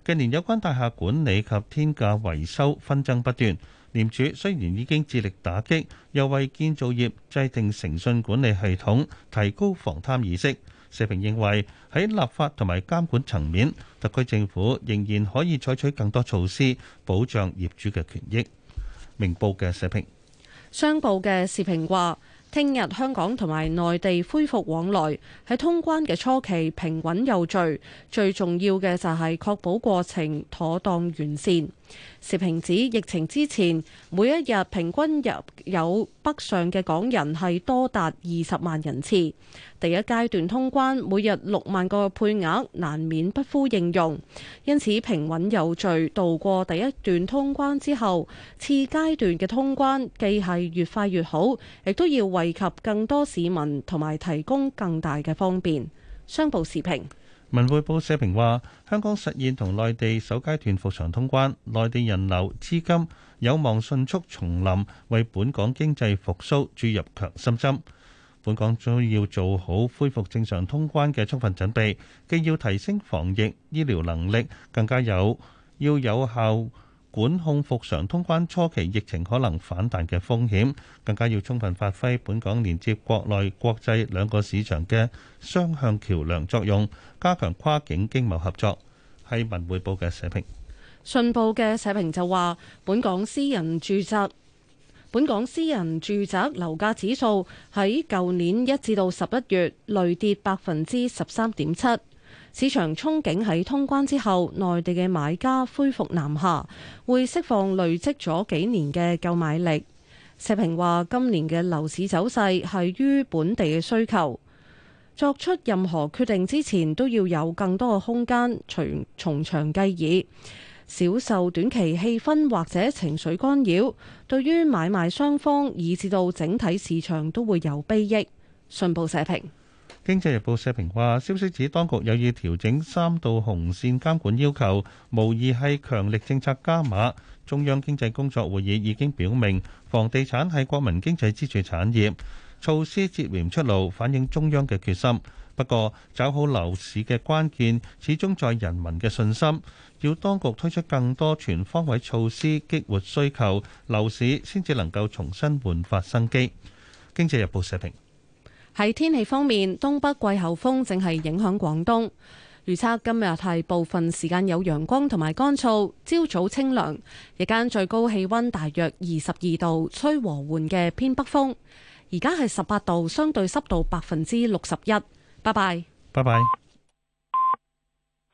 近年有關大廈管理及天價維修紛爭不斷，廉署雖然已經致力打擊，又為建造業制定誠信管理系統，提高防貪意識。社評認為喺立法同埋監管層面，特區政府仍然可以採取更多措施，保障業主嘅權益。明報嘅社評，商報嘅社評話，聽日香港同埋內地恢復往來，喺通關嘅初期平穩有序，最重要嘅就係確保過程妥當完善。時評指疫情之前，每一日平均入有北上嘅港人係多達二十萬人次。第一階段通關每日六萬個配額難免不敷應用，因此平穩有序度過第一段通關之後，次階段嘅通關既係越快越好，亦都要惠及更多市民同埋提供更大嘅方便。商報時評。文匯報社評話：香港實現同內地首階段復常通關，內地人流資金有望迅速重臨，為本港經濟復蘇注入強心針。本港仲要做好恢復正常通關嘅充分準備，既要提升防疫醫療能力，更加有要有效。管控復常通關初期疫情可能反彈嘅風險，更加要充分發揮本港連接國內國際兩個市場嘅雙向橋樑作用，加強跨境經貿合作，係文匯報嘅社評。信報嘅社評就話：本港私人住宅，本港私人住宅樓價指數喺舊年一至到十一月累跌百分之十三點七。市場憧憬喺通關之後，內地嘅買家恢復南下，會釋放累積咗幾年嘅購買力。社評話：今年嘅樓市走勢係於本地嘅需求作出任何決定之前，都要有更多嘅空間，從從長計議，少受短期氣氛或者情緒干擾。對於買賣雙方，以至到整體市場都會有裨益。信報社評。經濟日報社評話：消息指當局有意調整三道紅線監管要求，無疑係強力政策加碼。中央經濟工作會議已經表明，房地產係國民經濟支柱產業，措施接連出爐，反映中央嘅決心。不過，抓好樓市嘅關鍵，始終在人民嘅信心。要當局推出更多全方位措施，激活需求，樓市先至能夠重新煥發生機。經濟日報社評。喺天氣方面，東北季候風正係影響廣東。預測今日係部分時間有陽光同埋乾燥，朝早清涼，日間最高氣溫大約二十二度，吹和緩嘅偏北風。而家係十八度，相對濕度百分之六十一。拜拜，拜拜。